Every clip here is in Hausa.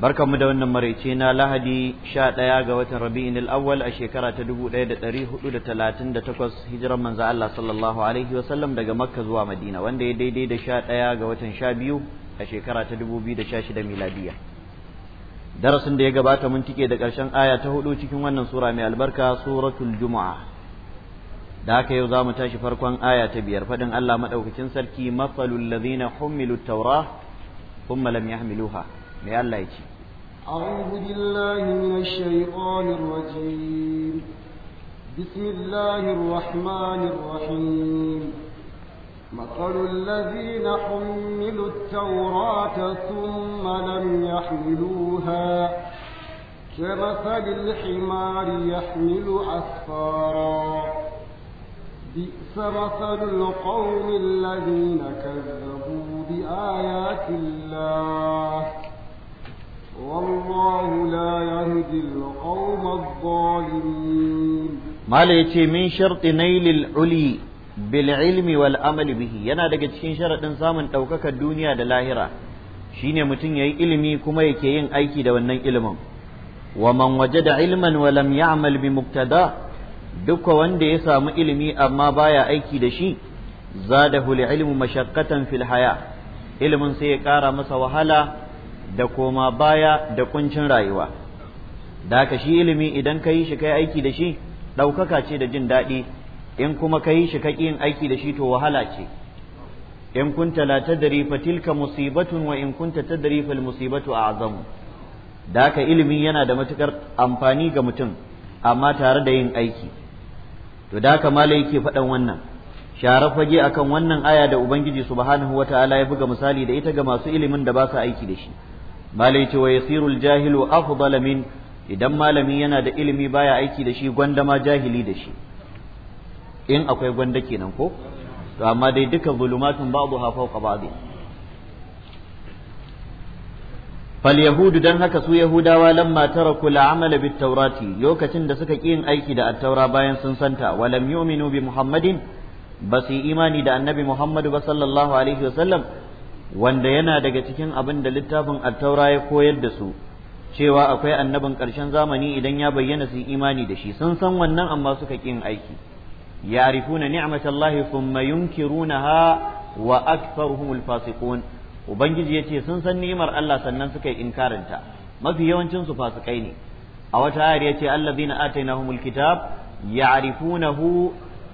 barkanmu da wannan maraice na lahadi sha ɗaya ga watan rabi'in al'awwal a shekara ta dubu ɗaya da ɗari hudu da talatin da takwas hijiran manzo Allah sallallahu alaihi wasallam daga makka zuwa madina wanda ya daidai da sha ɗaya ga watan sha biyu a shekara ta dubu biyu da sha shida miladiya darasin da ya gabata mun tike da ƙarshen aya ta hudu cikin wannan sura mai albarka suratul juma'a da haka yau za mu tashi farkon aya ta biyar faɗin Allah maɗaukacin sarki mafalul ladhina humilu tawra thumma lam yahmiluha mai Allah أعوذ بالله من الشيطان الرجيم بسم الله الرحمن الرحيم مثل الذين حملوا التوراة ثم لم يحملوها كمثل الحمار يحمل أسفارا بئس مثل القوم الذين كذبوا بآيات الله والله ya ce min الظالمين ما ليتي من شرط نيل العلي بالعلم والعمل به yana daga cikin sharaɗin samun daukakar duniya da lahira shine mutum yayi ilimi kuma yake yin aiki da wannan ilimin Waman waje da ilman wa lam ya'mal bi muktada, duk wanda ya samu ilimi amma baya aiki da shi zadahu li ilmu mashaqqatan fil haya ilimin sai ya ƙara masa wahala da koma baya da kuncin rayuwa da ka shi ilimi idan ka yi shi kai aiki da shi ɗaukaka ce da jin daɗi in kuma ka yi shi ka yin aiki da shi to wahala ce in kunta la tadri fa tilka musibatun wa in kunta tadri fal musibatu a'zamu da ka ilimi yana da matukar amfani ga mutum amma tare da yin aiki to da ka malai yake faɗan wannan share fage akan wannan aya da ubangiji subhanahu wataala ya buga misali da ita ga masu ilimin da ba su aiki da shi malai ce wa yasirul jahilu afdala min idan malami yana da ilimi baya aiki da shi gwanda ma jahili da shi in akwai gwanda kenan ko to amma dai duka zulumatun babu hafa fawqa ba'dhi fal yahudu dan haka su yahudawa lamma taraku al'amal bit tawrati lokacin da suka ki yin aiki da at-taura bayan sun santa wa lam yu'minu bi muhammadin ba imani da annabi muhammadu ba sallallahu alaihi wa sallam wanda yana daga cikin abin da littafin attaura ya koyar da su cewa akwai annabin ƙarshen zamani idan ya bayyana suyi imani da shi sun san wannan amma suka ƙi yin aiki yarifuna ni'matallahi thumma yunkirunaha wa aktharuhumul fasiqun ubangiji yace sun san ni'imar Allah sannan suka yi inkarinta mafi yawancin su fasikai ne a wata ayar yace allazina atainahumul kitab ya'rifunahu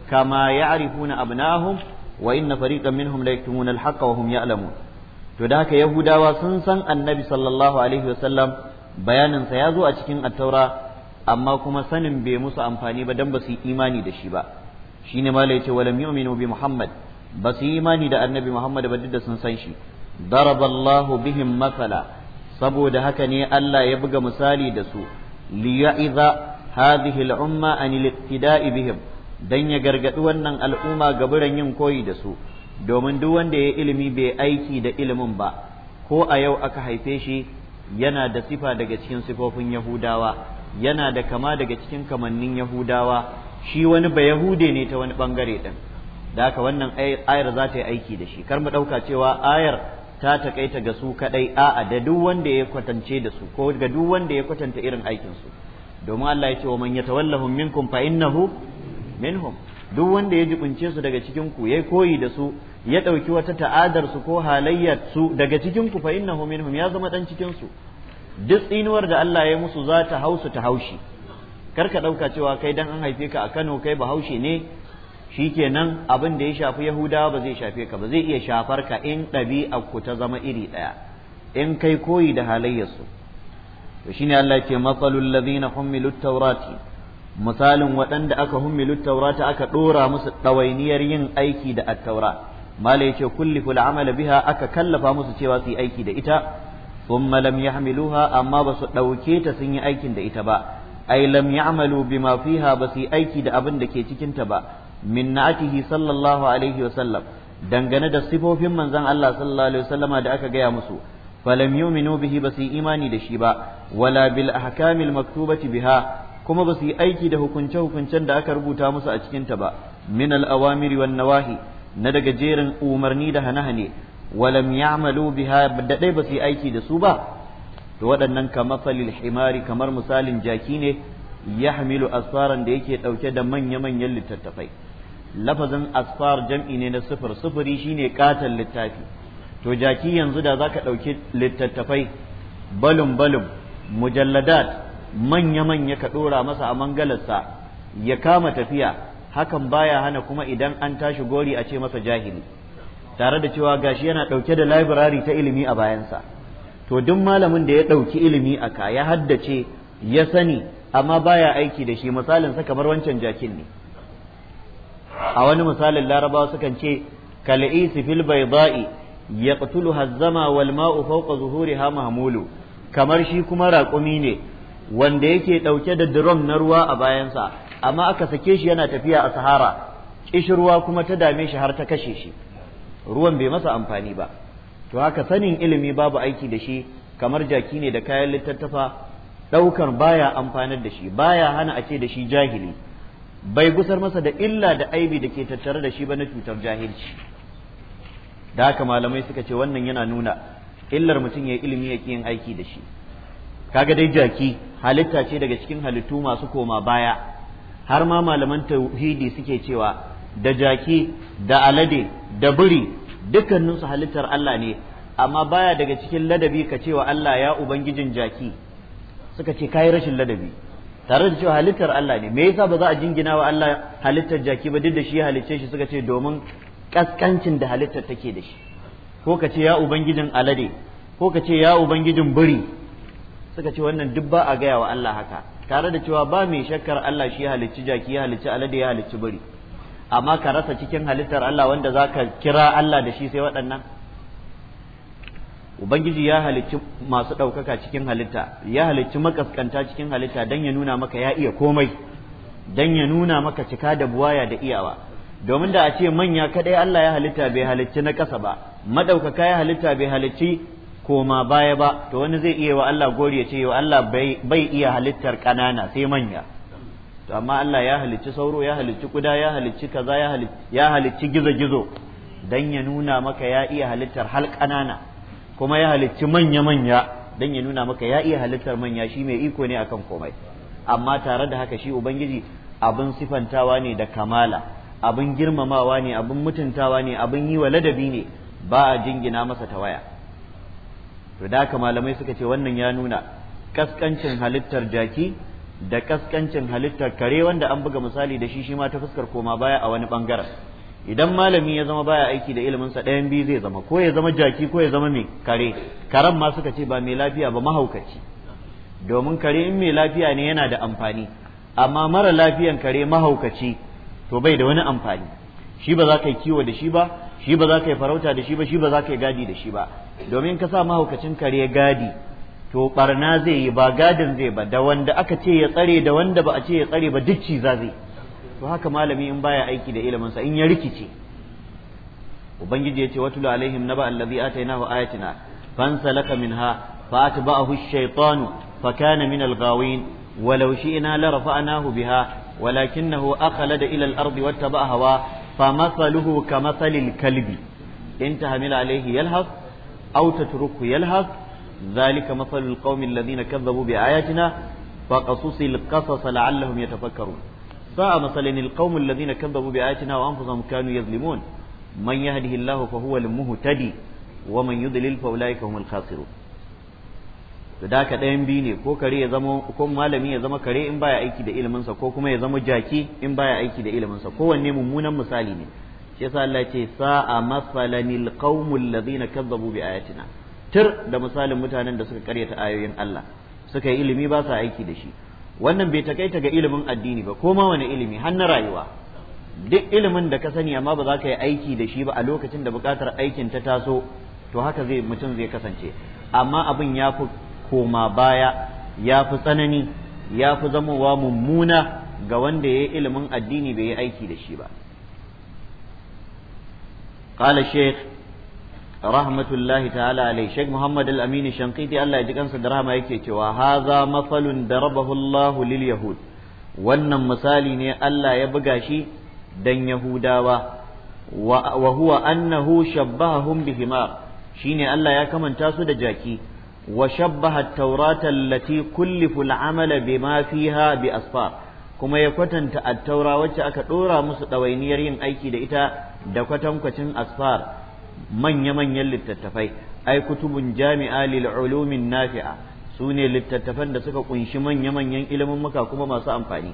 kama ya'rifuna abnahum wa inna fariqan minhum la yaktumuna al wa hum ya'lamun to da haka yahudawa sun san annabi sallallahu alaihi wasallam bayaninsa ya zo a cikin attaura amma kuma sanin bai musu amfani ba dan ba su yi imani da shi ba shine ma yace walam yu'minu bi muhammad ba su yi imani da annabi muhammad ba duk da sun san shi daraballahu bihim masala saboda haka ne Allah ya buga misali da su liya'iza hadhihi al-umma an al bihim dan ya gargadi wannan al'umma gaburan yin koyi da su domin duk wanda ya ilimi bai aiki da ilimin ba ko a yau aka haife shi yana da sifa daga cikin sifofin yahudawa yana da kama daga cikin kamannin yahudawa shi wani ba yahude ne ta wani bangare din da haka wannan ayar za ta yi aiki da shi kar mu ɗauka cewa ayar ta takaita ga su kaɗai a'a da duk wanda ya kwatance da su ko ga duk wanda ya kwatanta irin aikinsu domin Allah ya ce wa man yatawallahum minkum fa innahu minhum duk wanda ya jibince su daga cikin ku yayi koyi da su ya ɗauki wata ta'adar su ko halayyar su daga cikin ku fa innahu minhum ya zama dan cikin su duk tsinuwar da Allah ya musu za ta hausu ta haushi kar ka ɗauka cewa kai dan an haife ka a Kano kai bahaushe ne shikenan abin da ya shafi Yahudawa ba zai shafe ka ba zai iya shafar ka in ɗabi'a ku ta zama iri ɗaya in kai koyi da halayyar su to shine Allah ya ce matsalul ladina hummilut tawrati misalin waɗanda aka hummilu taurata aka ɗora musu ɗawainiyar yin aiki da attaura mala yace kullifu al'amala biha aka kallafa musu cewa su yi aiki da ita thumma lam yahmiluha amma ba su ɗauke ta sun yi aikin da ita ba ai lam ya'malu bima fiha ba su yi aiki da abin da ke cikin ta ba min na'atihi sallallahu alaihi wa sallam dangane da sifofin manzon Allah sallallahu alaihi wa sallam da aka gaya musu falam yu'minu bihi ba su yi imani da shi ba wala bil ahkamil maktubati biha kuma ba su yi aiki da hukunce-hukuncen da aka rubuta musu a cikinta ba min al wan nawahi na daga jerin umarni da hane-hane walam ya'malu biha da dai ba su yi aiki da su ba to waɗannan Falil himari kamar misalin jaki ne ya hamilu asfaran da yake ɗauke da manya-manyan littattafai lafazin asfar jam'i ne na sufur sufuri shine katon littafi to jaki yanzu da zaka ɗauki littattafai balum balum mujalladat manya-manya ka ɗora masa a mangalarsa ya kama tafiya hakan baya hana kuma idan an tashi gori a ce masa jahili tare da cewa gashi yana ɗauke da library ta ilimi a bayansa to duk malamin da ya ɗauki ilimi a ka ya haddace ya sani amma baya aiki da shi misalinsa kamar wancan jakin ne a wani misalin larabawa sukan ce kal'isi fil bayda'i yaqtuluha az-zama wal ma'u fawqa zuhuriha mahmulu kamar shi kuma raƙumi ne wanda yake ɗauke da drum na ruwa a bayansa amma aka sake shi yana tafiya a sahara ƙishirwa kuma ta dame shi har ta kashe shi ruwan bai masa amfani ba to haka sanin ilimi babu aiki da shi kamar jaki ne da kayan littattafa ɗaukar baya amfanar da shi baya hana a ce da shi jahili bai gusar masa da illa da aibi da ke tattare da shi ba na cutar jahilci da haka malamai suka ce wannan yana nuna illar mutum ya ilimi ya yin aiki da shi kaga dai jaki halitta ce daga cikin halittu masu koma baya har ma malaman tauhidi suke cewa da jaki da alade da buri dukkaninsu halittar Allah ne amma baya daga cikin ladabi ka cewa Allah ya ubangijin jaki suka ce kai rashin ladabi tare da cewa halittar Allah ne me yasa ba za a jingina wa Allah halittar jaki ba duk da shi halicce shi suka ce domin kaskancin da halittar take da shi ko ka ce ya ubangijin alade ko ka ce ya ubangijin buri suka ce wannan duk ba a gaya wa Allah haka tare da cewa ba mai shakkar Allah shi halicci jaki ya halicci alade ya halicci bari amma ka rasa cikin halittar Allah wanda za ka kira Allah da shi sai waɗannan Ubangiji ya halicci masu ɗaukaka cikin halitta ya halicci makaskanta cikin halitta don ya nuna maka ya iya komai don ya nuna maka cika da buwaya da iyawa domin da a ce manya kaɗai Allah ya halitta bai halicci na ƙasa ba maɗaukaka ya halitta bai halicci koma baya ba to wani zai iya wa Allah gori ya ce wa Allah bai iya halittar ƙanana sai manya to amma Allah ya halicci sauro ya halicci kuda ya halicci kaza ya halicci ya halicci gizo-gizo dan ya nuna maka ya iya halittar hal ƙanana kuma ya halicci manya-manya dan ya nuna maka ya iya halittar manya shi mai iko ne akan komai amma tare da haka shi ubangiji abin sifantawa ne da kamala abin girmamawa ne abin mutuntawa ne abin yi wa ladabi ne ba a jingina masa ta waya. to da haka malamai suka ce wannan ya nuna kaskancin halittar jaki da kaskancin halittar kare wanda an buga misali da shi shi ma ta fuskar koma baya a wani bangaren idan malami ya zama baya aiki da iliminsa ɗayan biyu zai zama ko ya zama jaki ko ya zama mai kare karen ma suka ce ba mai lafiya ba mahaukaci domin kare in mai lafiya ne yana da amfani amma mara lafiyan kare mahaukaci to bai da wani amfani shi ba za ka yi kiwo da shi ba shi ba za ka yi farauta da shi ba shi ba za ka yi gadi da shi ba domin ka sa mahaukacin kare gadi to barna zai yi ba gadin zai ba da wanda aka ce ya tsare da wanda ba a ce ya tsare ba duk ciza zai to haka malami in baya aiki da iliminsa in ya rikice ubangiji ya ce watulu alaihim naba allazi atainahu ayatina fansalaka minha fa atba'ahu ash-shaytanu fa kana min al-ghawin biha شئنا لرفعناه بها ولكنه أخلد إلى الأرض واتبع هواه فمثله kalbi. In إن تهمل عليه يلهث aw tatruku yalhaq zalika masalul qaumil ladina kazzabu bi ayatina faqasusil qasas la'allahum yatafakkarun sa'a masalan alqaumul ladina kazzabu bi ayatina wa anfusahum kanu yazlimun man yahdihillahu fahuwa almuhtadi wa man yudlil fa ulaika humul khasirun to da ka biyu ne ko ya zama malami ya zama kare in baya aiki da iliminsa ko kuma ya zama jaki in baya aiki da iliminsa kowanne mummunan misali ne shi yasa Allah ce sa'a masalanil qaumul ladina kazzabu bi ayatina tur da misalin mutanen da suka karyata ayoyin Allah suka yi ilimi ba sa aiki da shi wannan bai takaita ga ilimin addini ba ko ma wani ilimi har na rayuwa duk ilimin da ka sani amma ba za ka yi aiki da shi ba a lokacin da buƙatar aikin ta taso to haka zai mutum zai kasance amma abin ya fi koma baya ya fi tsanani ya fi zamowa mummuna ga wanda ya yi ilimin addini bai yi aiki da shi ba قال الشيخ رحمة الله تعالى عليه شيخ محمد الأمين الشنقيطي الله يجيكم صدرها ما يكيك وهذا مثل ضربه الله لليهود wannan misali ne Allah ya buga shi dan Yahudawa wa huwa annahu shabbahahum bihimar shine Allah ya kamanta su da jaki wa shabbaha at-taurata allati kullifu al bima fiha bi asfar kuma ya kwatanta at-taura wacce aka dora musu dawainiyar yin aiki da ita da kwatankwacin asfar manya-manyan littattafai ai kutubun jami'a lil nafi'a su ne littattafan da suka kunshi manya-manyan muka kuma masu amfani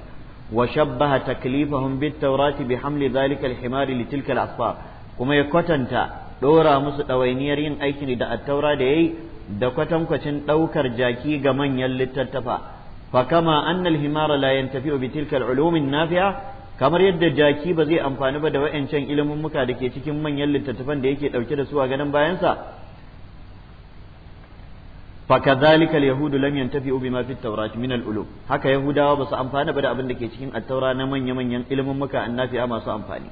wa shabbaha taklifahum bit tawrati bi hamli zalika al himar li tilka al asfar kuma ya kwatanta dora musu dawainiyar yin aikin da attaura da yayi da kwatankwacin daukar jaki ga manyan littattafa fa kama anna al himara la yantafi'u bi tilka al ulumin nafi'a kamar yadda jaki ba zai amfani ba da wa'ancan muka da ke cikin manyan littattafan da yake ɗauke da su a ganin bayansa fakadhalika alyahudu lam yantafi'u ubi fi at-taurat min al haka yahudawa ba su amfana ba da abin da ke cikin at-taura na manya manyan ilmummuka annafi'a masu amfani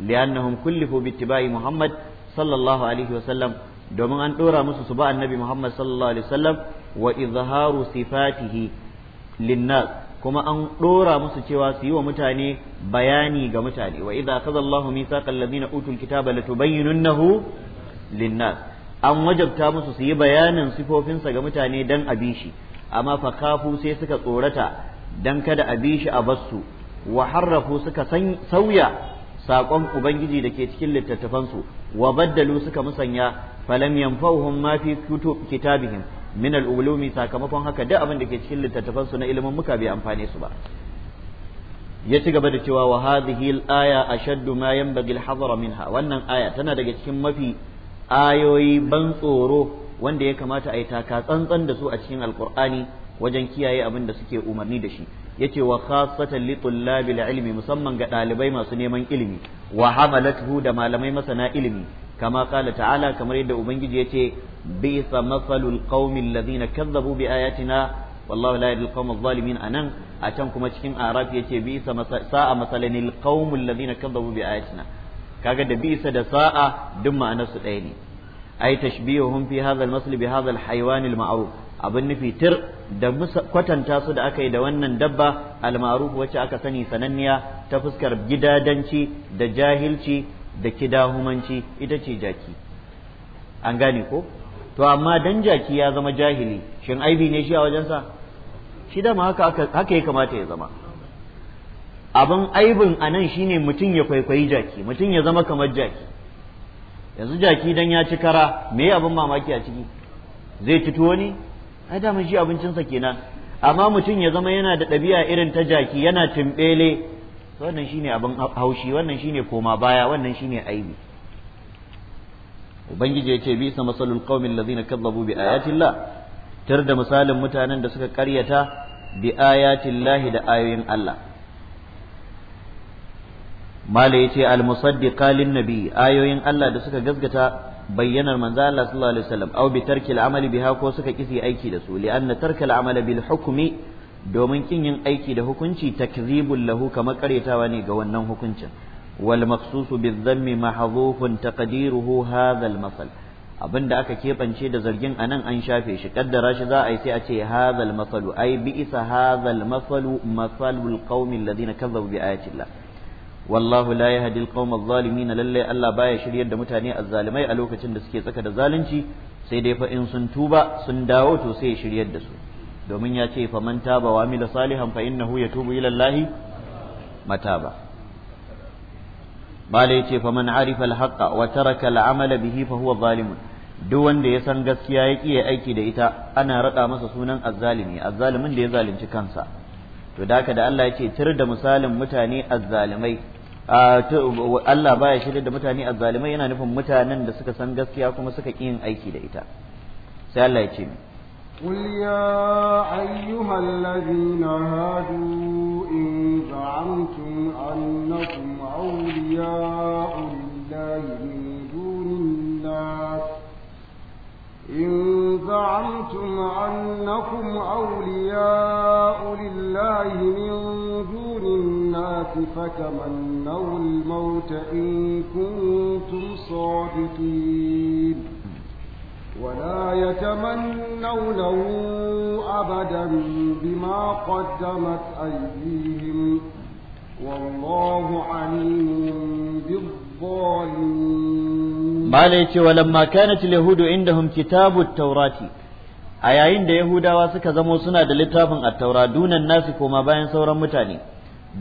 li'annahum kullifu bi ittiba'i muhammad sallallahu alaihi wa sallam domin an ɗora musu su ba annabi muhammad sallallahu alaihi wa sallam wa izharu sifatihi lin-nas kuma an ɗora musu cewa su yi wa mutane bayani ga mutane wa idza akhadha Allahu mithaqal ladina utul kitaba latubayyinunahu linnas an wajabta musu su yi bayanin sifofinsa ga mutane dan a bi amma fa kafu sai suka tsorata dan kada a bi a bassu wa harrafu suka sauya saƙon ubangiji da ke cikin littattafansu wa baddalu suka musanya falam yanfa'uhum ma fi kitabihim min al-ulumi sakamakon haka duk abin da ke cikin littattafan su na ilimin muka bai amfane su ba ya ci gaba da cewa wa hadhihi al-aya ashaddu ma yanbaghi al minha wannan aya tana daga cikin mafi ayoyi ban tsoro wanda ya kamata a yi taka tsantsan da su a cikin alqur'ani wajen kiyaye abin da suke umarni da shi yace wa khassatan li tullabil ilmi musamman ga dalibai masu neman ilimi wa hamalathu da malamai masana ilimi kama qala ta'ala kamar yadda ubangiji yace bi masalul qaumil ladina kazzabu bi ayatina wallahu la yahdi al-qawma adh anan a can kuma cikin araf yace bi sa'a masalan al-qaumul ladina kazzabu bi ayatina kaga da bisa da sa'a duk ma'anar su ɗaya ne ai tashbihuhum fi hadha al-masl bi hadha al-hayawan abin nufi tir da kwatanta su da aka yi da wannan dabba al wacce aka sani sananniya ta fuskar gidadanci da jahilci da dahumanci ita ce jaki an gane ko to amma dan jaki ya zama jahili shin aibi ne shi a wajensa shi dama haka haka ya kamata ya zama abin aibin a nan shine mutum ya kwaikwayi jaki mutum ya zama kamar jaki yanzu jaki dan ya ci kara me abin mamaki a ciki zai ci wani? ai da mun shi abincinsa kenan amma mutum ya zama yana da ɗabi'a irin ta jaki yana timbele wannan shine abin haushi wannan shine koma baya wannan shine aibi ubangiji ya ce bisa masalul qaumin ladina kazzabu bi ayatillah tar da misalin mutanen da suka karyata bi ayatillahi da ayoyin Allah mala yace al musaddiqa lin nabi ayoyin Allah da suka gaskata bayyanar manzo Allah sallallahu alaihi wasallam aw bi tarkil amali biha ko suka kisi aiki da su li anna tarkal amala bil hukmi domin kin yin aiki da hukunci takzibul lahu kamar karetawa ne ga wannan hukuncin wal maqsusu bizammi mahdhufun taqdiruhu hadha al masal abinda aka kebance da zargin anan an shafe shi kaddara shi za a yi sai a ce hadha al masalu ai bi isa hadha al masalu masalul qaumi alladhina kazzabu bi ayatillah wallahu la yahdi al qauma adh-dhalimin lalle Allah baya shiryar da mutane azzalimai a lokacin da suke tsaka da zalunci sai dai fa in sun tuba sun dawo to sai ya shiryar da su domin ya ce faman taba wa amila salihan fa innahu yatubu ila Allah mataba bala yace faman arifa al-haqqa wa taraka al-amala bihi fa huwa zalimun duk wanda ya san gaskiya ya kiyaye aiki da ita ana rada masa sunan azzalimi azzalimin da ya zalunci kansa to da haka da Allah yace tir da misalin mutane azzalimai Allah baya shirya da mutane azzalimai yana nufin mutanen da suka san gaskiya kuma suka ƙi yin aiki da ita sai Allah ya ce قل يا أيها الذين هادوا إن زعمتم أنكم أولياء لله من دون الناس إن زعمتم أنكم أولياء لله من دون الناس فتمنوا الموت إن كنتم صادقين ولا يتمنونه أبدا بما قدمت أيديهم والله عليم بالظالمين ما ولما كانت اليهود عندهم كتاب التوراة a yayin da Yahudawa suka zamo suna da littafin attaura dunan nasu koma bayan sauran mutane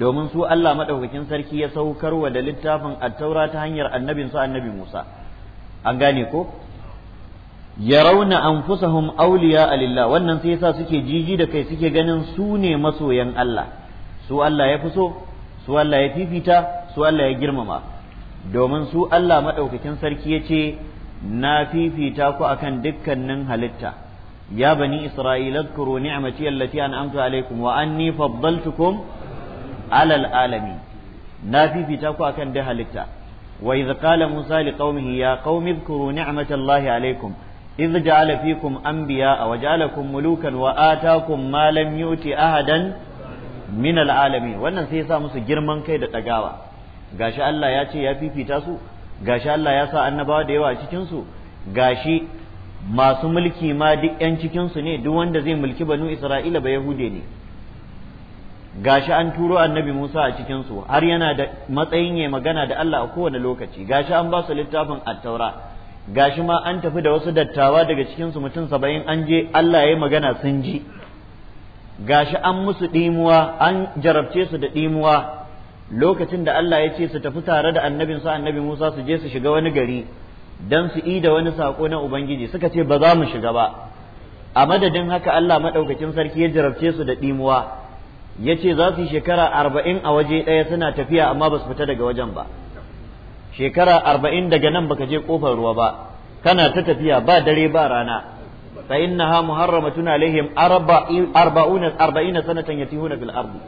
domin su Allah madaukakin sarki ya saukarwa da littafin taura ta hanyar annabinsu annabi Musa an gane ko yarawna anfusahum awliya lillah wannan sai yasa suke jiji da kai suke ganin su ne masoyan Allah su Allah ya fi so su Allah ya fifita su Allah ya girmama domin su Allah madaukakin sarki ya ce na fifita ku akan dukkanin halitta ya bani isra'ila kuro ni'amati allati an'amtu alaykum wa anni faddaltukum alal alamin na fifita ku akan da halitta wa idh qala musa liqaumihi ya qaumi kuro ni'amatallahi alaikum idh ja'ala fikum anbiya wa ja'alakum mulukan wa atakum ma lam yuti ahadan min alalamin wannan sai ya sa musu girman kai da dagawa gashi Allah ya ce ya fifita su gashi Allah ya sa annabawa da yawa a cikin su gashi masu mulki ma duk yan cikin su ne duk wanda zai mulki banu Isra'ila ba Yahude ne gashi an turo annabi Musa a cikin su har yana da matsayin ya magana da Allah a kowane lokaci gashi an ba su littafin at-taura gashi ma an tafi da wasu dattawa daga cikinsu mutum saba'in an je Allah ya magana sun ji gashi an musu ɗimuwa an jarabce su da ɗimuwa lokacin da Allah ya ce su tafi tare da annabin su annabi Musa su je su shiga wani gari dan su yi da wani sako na Ubangiji suka ce ba za mu shiga ba a madadin haka Allah maɗaukakin sarki ya jarabce su da ɗimuwa ya ce za su yi shekara arba'in a waje ɗaya suna tafiya amma ba su fita daga wajen ba shekara arba'in daga nan baka je kofar ruwa ba kana ta tafiya ba dare ba rana fa innaha muharramatun alaihim arba'una arba'ina sanatan yatihuna bil ardi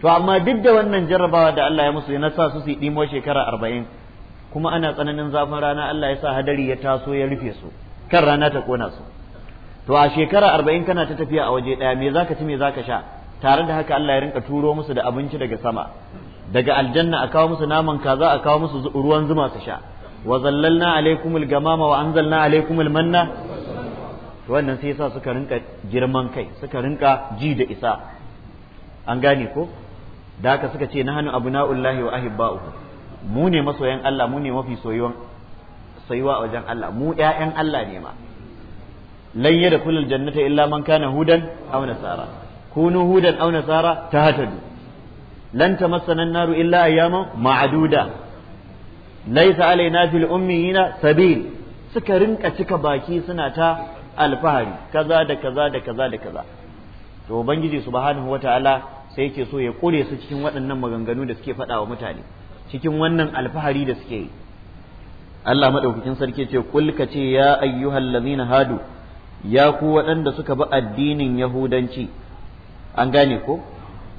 to amma duk da wannan jarrabawa da Allah ya musu ya sa su su dimo shekara arba'in kuma ana tsananin zafin rana Allah ya sa hadari ya taso ya rufe su kan rana ta kona su to a shekara arba'in kana ta tafiya a waje ɗaya me zaka ci me zaka sha tare da haka Allah ya rinka turo musu da abinci daga sama daga aljanna a kawo musu naman kaza a kawo musu ruwan zuma su sha wa zallalna alaikumul gamama wa anzalna alaikumul manna wannan sai yasa suka rinka girman kai suka rinka ji da isa an gane ko da haka suka ce nahnu abna'ullahi wa ahibba'uhu mu ne masoyan Allah mu ne mafi soyuwan soyuwa a wajen Allah mu ƴaƴan Allah ne ma lan yadkhulul jannata illa man kana hudan aw nasara kunu hudan aw nasara tahtadu lan tamassana an-naru illa ayyaman ma'duda laysa alaina filummina ummiyina sabil suka rinka cika baki suna ta alfahari kaza da kaza da kaza da kaza to ubangiji subhanahu wataala sai yake so ya kure su cikin waɗannan maganganu da suke faɗawa wa mutane cikin wannan alfahari da suke yi Allah madaukakin sarki ce kul ka ce ya ayyuhal ladzina hadu ya ku waɗanda suka bi addinin yahudanci an gane ko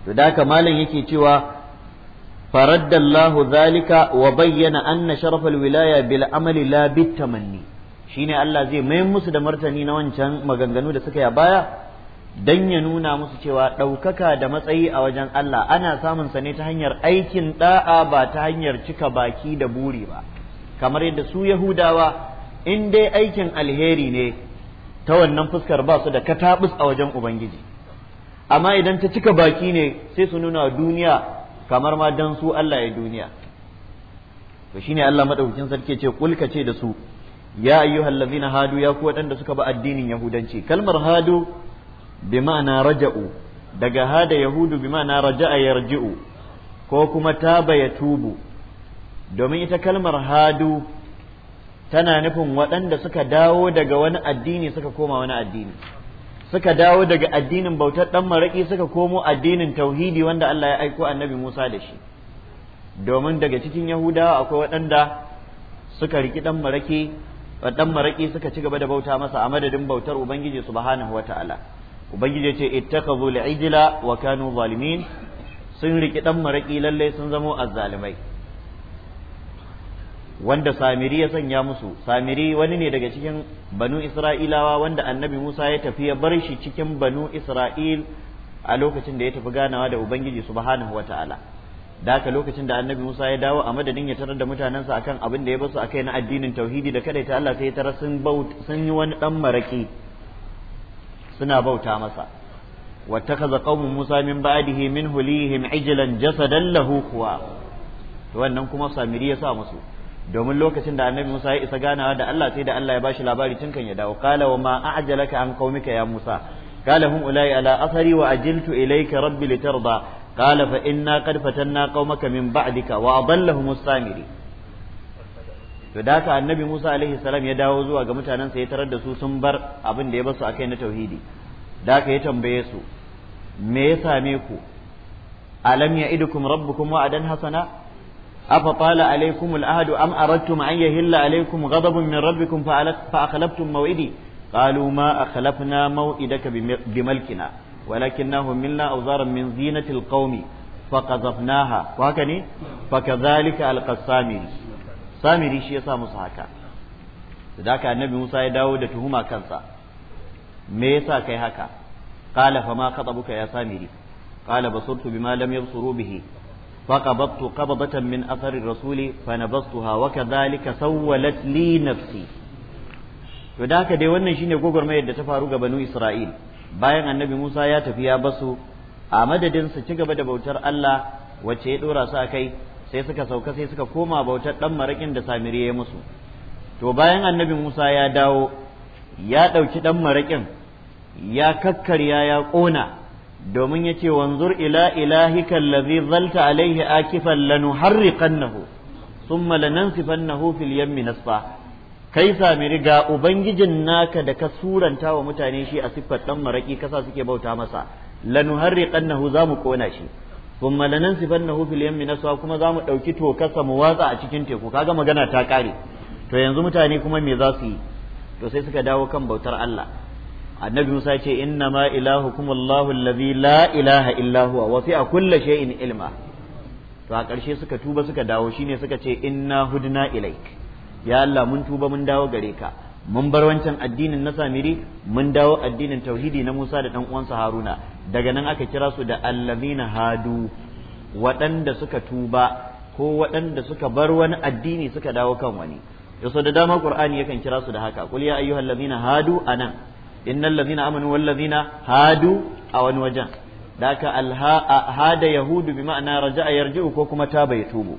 to da haka malam yake cewa فرد الله ذلك وبين أن شرف الولاية بالعمل لا بالتمني shine Allah zai mai musu da martani na wancan maganganu da suka yi baya dan ya nuna musu cewa ɗaukaka da matsayi a wajen Allah ana samun sa ne ta hanyar aikin da'a ba ta hanyar cika baki da buri ba kamar yadda su Yahudawa in dai aikin alheri ne ta wannan fuskar ba su da katabus a wajen Ubangiji amma idan ta cika baki ne sai su nuna duniya kamar ma dan su Allah ya duniya to shine Allah madaukakin sarki ce kulka ce da su ya ayyuhal ladina hadu ya ku waɗanda suka ba addinin yahudanci kalmar hadu bi ma'ana raja'u daga hada yahudu bi ma'ana raja'a yarji'u ko kuma taba ya tubu domin ita kalmar hadu tana nufin waɗanda suka dawo daga wani addini suka koma wani addini suka dawo daga addinin bautar dan maraki suka komo addinin tauhidi wanda Allah ya aiko annabi Musa da shi domin daga cikin Yahudawa akwai waɗanda suka riki dan maraƙi dan suka ci gaba da bauta masa a madadin bautar ubangiji subhanahu wataala ubangiji ce ittakhadhu al-ijla wa kanu zalimin sun riki dan maraƙi lalle sun zamo azzalimai wanda samiri ya sanya musu samiri wani ne daga cikin banu isra'ilawa wanda annabi musa ya tafi ya bar shi cikin banu isra'il a lokacin da ya tafi ganawa da ubangiji subhanahu wa ta'ala da haka lokacin da annabi musa ya dawo a madadin ya tarar da mutanensa akan abin da ya basu akai na addinin tauhidi da kada ta allah sai ya tarar sun yi wani dan maraki suna bauta masa wattakaza qaumu musa min ba'dihi min hulihim ijilan jasadan lahu kuwa wannan kuma samiri ya sa musu domin lokacin da annabi Musa ya isa ganawa da Allah sai da Allah ya bashi labari tun kan ya dawo qala wa ma a'jalaka an qaumika ya Musa ala asari wa ajiltu ilayka rabbi litarda ربي fa inna qad fatanna qaumaka min ba'dika wa adallahum السامري to da haka annabi Musa alaihi salam ya dawo zuwa ga sa ya tarar da su sun bar abin da ya basu akai na tauhidi da haka ya tambaye su me ya same ku alam ya idukum rabbukum wa'adan hasana afa tala alaikum al'ahdu am aradtum an yahilla alaikum ghadabun min rabbikum fa akhlaftum maw'idi qalu ma akhlafna maw'idaka bimalkina ولكنه منا أوزارا من زينة القوم فقذفناها وهكذا فكذلك ألقى السامري سامري شيء سامس هكا ذاك النبي موسى يداو دتهما كنسا ميسا كي هكا قال فما خطبك يا سامري قال بصرت بما لم يبصروا به فقبضت قبضة من أثر الرسول فنبضتها وكذلك سولت لي نفسي to da haka dai wannan shine gwagwarmayar da ta faru ga banu Isra'il bayan annabi Musa ya tafi ya basu a madadinsa, su ci gaba da bautar Allah wacce ya dora su kai sai suka sauka sai suka koma bautar dan marakin da Samiri ya musu to bayan annabi Musa ya dawo ya ɗauki ɗan marakin ya kakkarya ya ƙona domin ya ce wanzur ila ilahika allazi zalta alaihi akifan lanuharriqannahu thumma lanansifannahu fil yammi nasfa kai sami riga ubangijin naka da ka suranta wa mutane shi a siffar dan maraki kasa suke bauta masa lanuharriqannahu zamu kona shi thumma lanansifannahu fil yammi nasfa kuma zamu dauki tokasa mu watsa a cikin teku kaga magana ta kare to yanzu mutane kuma me za su yi to sai suka dawo kan bautar Allah annabi Musa ya ce inna ma ilahukum Allahu allazi la ilaha illa wa fi shay'in ilma to a ƙarshe suka tuba suka dawo shine suka ce inna hudna ilaik ya Allah mun tuba mun dawo gare ka mun bar wancan addinin na Samiri mun dawo addinin tauhidi na Musa da dan uwansa Haruna daga nan aka kira su da allazina hadu waɗanda suka tuba ko waɗanda suka bar wani addini suka dawo kan wani yasa da dama Qur'ani yakan kira su da haka qul ya ayyuhallazina hadu anan innal ladhina amanu wal ladhina hadu a wani wajen daka alha hada yahudu bi ma'ana raja'a yarji'u ko kuma taba yatubu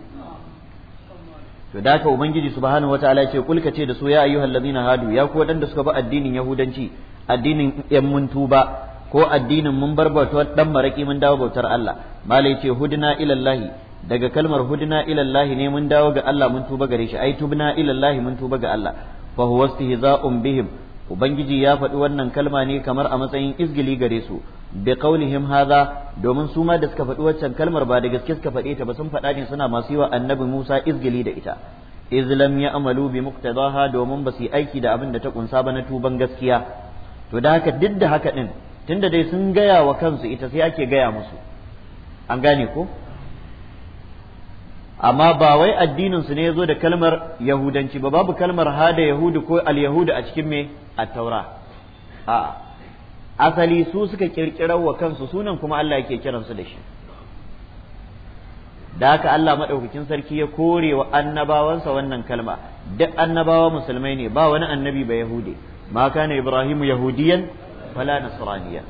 to daka ubangiji subhanahu wataala ce kulka ce da su ya ayyuhal ladhina hadu ya ku wadanda suka bi addinin yahudanci addinin yan mun tuba ko addinin mun bar bautar dan maraki mun dawo bautar Allah malai ce hudna ilallahi daga kalmar hudna ilallahi ne mun dawo ga Allah mun tuba gare shi ai tubna ilallahi mun tuba ga Allah fa huwa istihza'un bihim ubangiji ya faɗi wannan kalma ne kamar a matsayin izgili gare su bi qaulihim hadha domin su ma da suka faɗi waccan kalmar ba da gaske suka faɗe ta ba sun faɗa ne suna masu yi wa annabi Musa izgili da ita iz lam ya'malu bi muqtadaha domin ba su aiki da abin da ta kunsa ba na tuban gaskiya to da haka duk da haka din tunda dai sun gaya wa kansu ita sai ake gaya musu an gane ko amma ba wai addinin su ne ya zo da kalmar yahudanci ba babu kalmar hada yahudu ko al yahudu a cikin me A taura a asali su suka kirkirar wa kansu sunan kuma Allah yake kiransu da shi da haka Allah madaukakin sarki ya kore wa annabawansa wannan kalma duk annabawa musulmai ne ba wani annabi ba yahude ma kana ibrahimu yahudiyan fala nasraniyan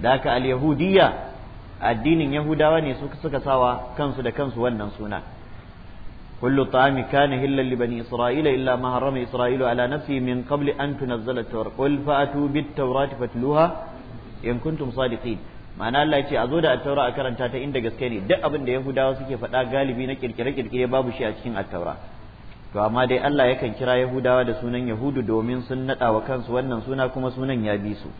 da haka al yahudiyya addinin yahudawa ne suka sawa kansu da kansu wannan sunan. كل طعام كان هلا لبني إسرائيل إلا ما حرم إسرائيل على نفسه من قبل أن تنزل التوراة قل فأتوا بالتوراة فاتلوها إن كنتم صادقين ma'ana Allah ce a zo da attaura a karanta ta inda gaske ne duk abin da yahudawa suke faɗa galibi na kirkire-kirkire babu shi a cikin attaura to amma dai Allah yakan kira yahudawa da sunan yahudu domin sun naɗa wa kansu wannan suna kuma sunan ya bi su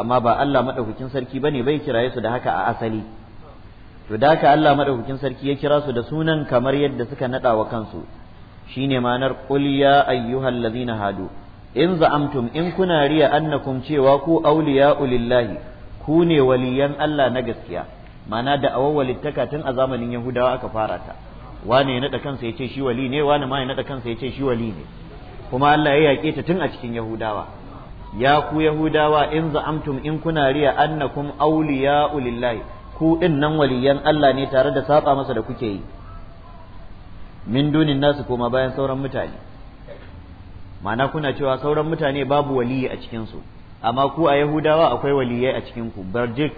amma ba Allah maɗaukakin sarki ba ne bai kiraye su da haka a asali to da haka Allah madaukakin sarki ya kira su da sunan kamar yadda suka nada wa kansu shine ma'anar qul ya ayyuhal ladina hadu in za'amtum in kuna riya annakum cewa ku awliya'u lillahi ku ne waliyan Allah na gaskiya ma'ana da awwalittaka tun a zamanin Yahudawa aka fara ta wane ya nada kansa yace shi wali ne wane ma ya nada kansa yace shi wali ne kuma Allah ya yake ta tun a cikin Yahudawa ya ku Yahudawa in za'amtum in kuna riya annakum awliya'u lillahi ku ɗin nan waliyan Allah ne tare da saba masa da kuke yi min dunin nasu koma bayan sauran mutane ma'ana kuna cewa sauran mutane babu waliyi a cikinsu amma ku a yahudawa akwai waliyai a cikinku barjik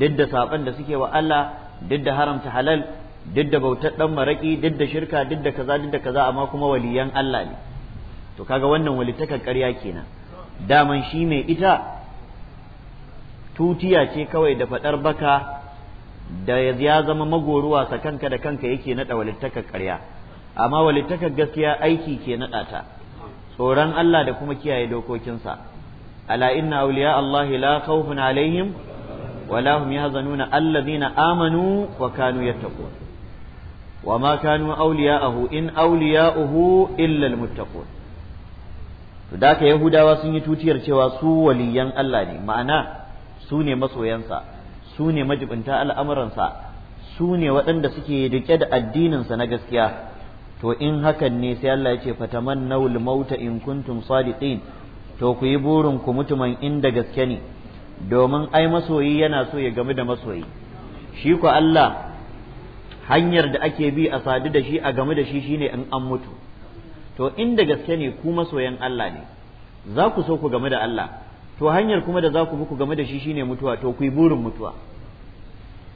duk da saban da suke wa Allah duk da haramta halal duk da bautar ɗan maraƙi, duk da shirka duk da kaza duk da kaza amma kuma waliyan Allah ne to kaga wannan walitakar ƙarya kenan daman shi mai ita tutiya ce kawai da faɗar baka da ya zama magoruwa kanka da kanka yake naɗa walittakar karya amma walittakar gaskiya aiki ke naɗa ta tsoron Allah da kuma kiyaye dokokinsa ala inna awliya Allah la khawfun alaihim ولا kanu يحزنون الذين آمنوا وكانوا يتقون وما كانوا أولياءه إن أولياؤه إلا sun yi tutiyar cewa su waliyan Allah ne ma'ana su ne masoyansa su ne majibinta al'amuransa su ne waɗanda suke rike da addininsa na gaskiya to in hakan ne sai Allah ya ce fatamannawul mauta in kuntum sadiqin to ku yi burin ku mutumin inda gaske ne domin ai masoyi yana so ya gamu da masoyi shi ku Allah hanyar da ake bi a sadu da shi a gamu da shi shine in an mutu to inda gaske ne ku masoyan Allah ne za ku so ku gamu da Allah to hanyar kuma da za ku muku game da shi shine mutuwa to ku yi burin mutuwa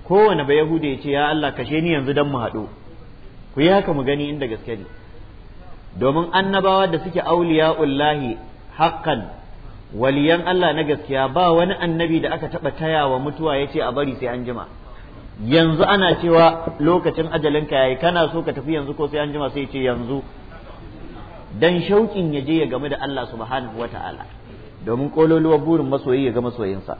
kowane ba yahuda ya ce ya Allah kashe ni yanzu dan mu haɗu ku yi haka mu gani inda gaske ne domin annabawa da suke auliya ullahi haqqan waliyan Allah na gaskiya ba wani annabi da aka taɓa tayawa mutuwa ya ce a bari sai an jima yanzu ana cewa lokacin ajalinka yayi kana so ka tafi yanzu ko sai an jima sai ce yanzu dan shauƙin ya je ya game da Allah subhanahu wataala domin ƙololuwar burin masoyi ya ga masoyinsa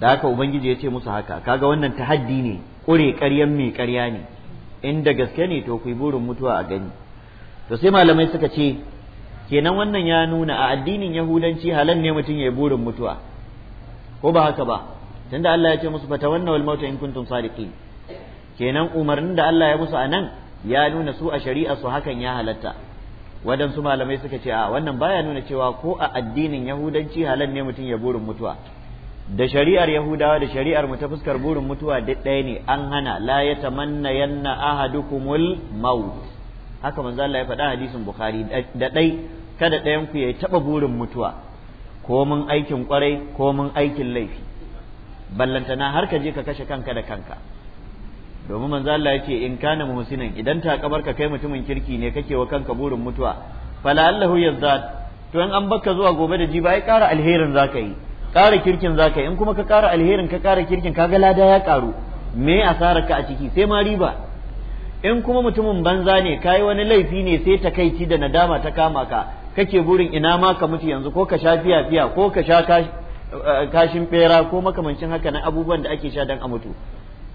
da haka ubangiji ya ce musu haka kaga wannan tahaddi ne ƙure ƙaryan mai ƙarya ne Inda gaske ne to ku yi burin mutuwa a gani to sai malamai suka ce kenan wannan ya nuna a addinin yahudanci halan ne mutum ya yi burin mutuwa ko ba haka ba tunda Allah ya ce musu fata wal mauta in kuntum sadiqin kenan umarnin da Allah ya musu a nan ya nuna su a shari'a su hakan ya halatta waɗansu malamai suka ce a wannan baya nuna cewa ko a addinin yahudanci halal ne mutum ya burin mutuwa da shari'ar yahudawa da shari'ar mu ta fuskar burin mutuwa duk ɗaya ne an hana la ya tamanna yanna ahadukumul maut haka manzo Allah ya faɗa hadisin bukhari da ɗai kada ɗayan ku ya taɓa burin mutuwa ko mun aikin kwarai ko mun aikin laifi ballantana har ka je ka kashe kanka da kanka domin manzo Allah ya ce in kana muhsinan idan ta ka kai mutumin kirki ne kake wa kanka burin mutuwa fala allahu yazzat to in an baka zuwa gobe da jiba ayi kara alherin zaka yi kara kirkin zaka yi in kuma ka kara alherin ka kara kirkin kaga lada ya karu me asarar ka a ciki sai ma riba in kuma mutumin banza ne kayi wani laifi ne sai takaici da nadama ta kama ka kake burin ina ma ka mutu yanzu ko ka sha fiya fiya ko ka sha eh, kashin bera ko makamancin haka na abubuwan da ake sha dan a mutu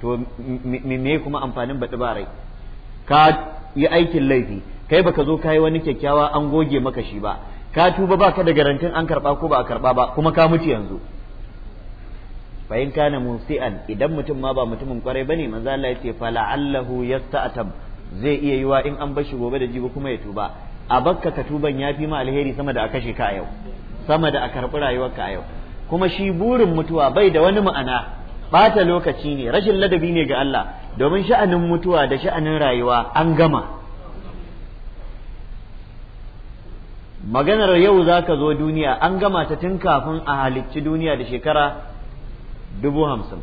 to me kuma amfanin baɗi ba rai ka yi aikin laifi kai baka zo ka yi wani kyakkyawa an goge maka shi ba ka tuba ba ka da garantin an karɓa ko ba a karɓa ba kuma ka mutu yanzu fa na musian idan mutum ma ba mutumin kwarai ba ne manzo Allah ce fala allahu ya yasta'tab zai iya yiwa in an bashi gobe da jibi kuma ya tuba a bakka ka tuban fi ma alheri sama da a kashe ka a yau sama da a karbi rayuwarka a yau kuma shi burin mutuwa bai da wani ma'ana bata lokaci ne rashin ladabi ne ga Allah domin sha'anin mutuwa da sha'anin rayuwa an gama maganar yau za ka zo duniya an gama ta tun kafin a halicci duniya da shekara dubu hamsin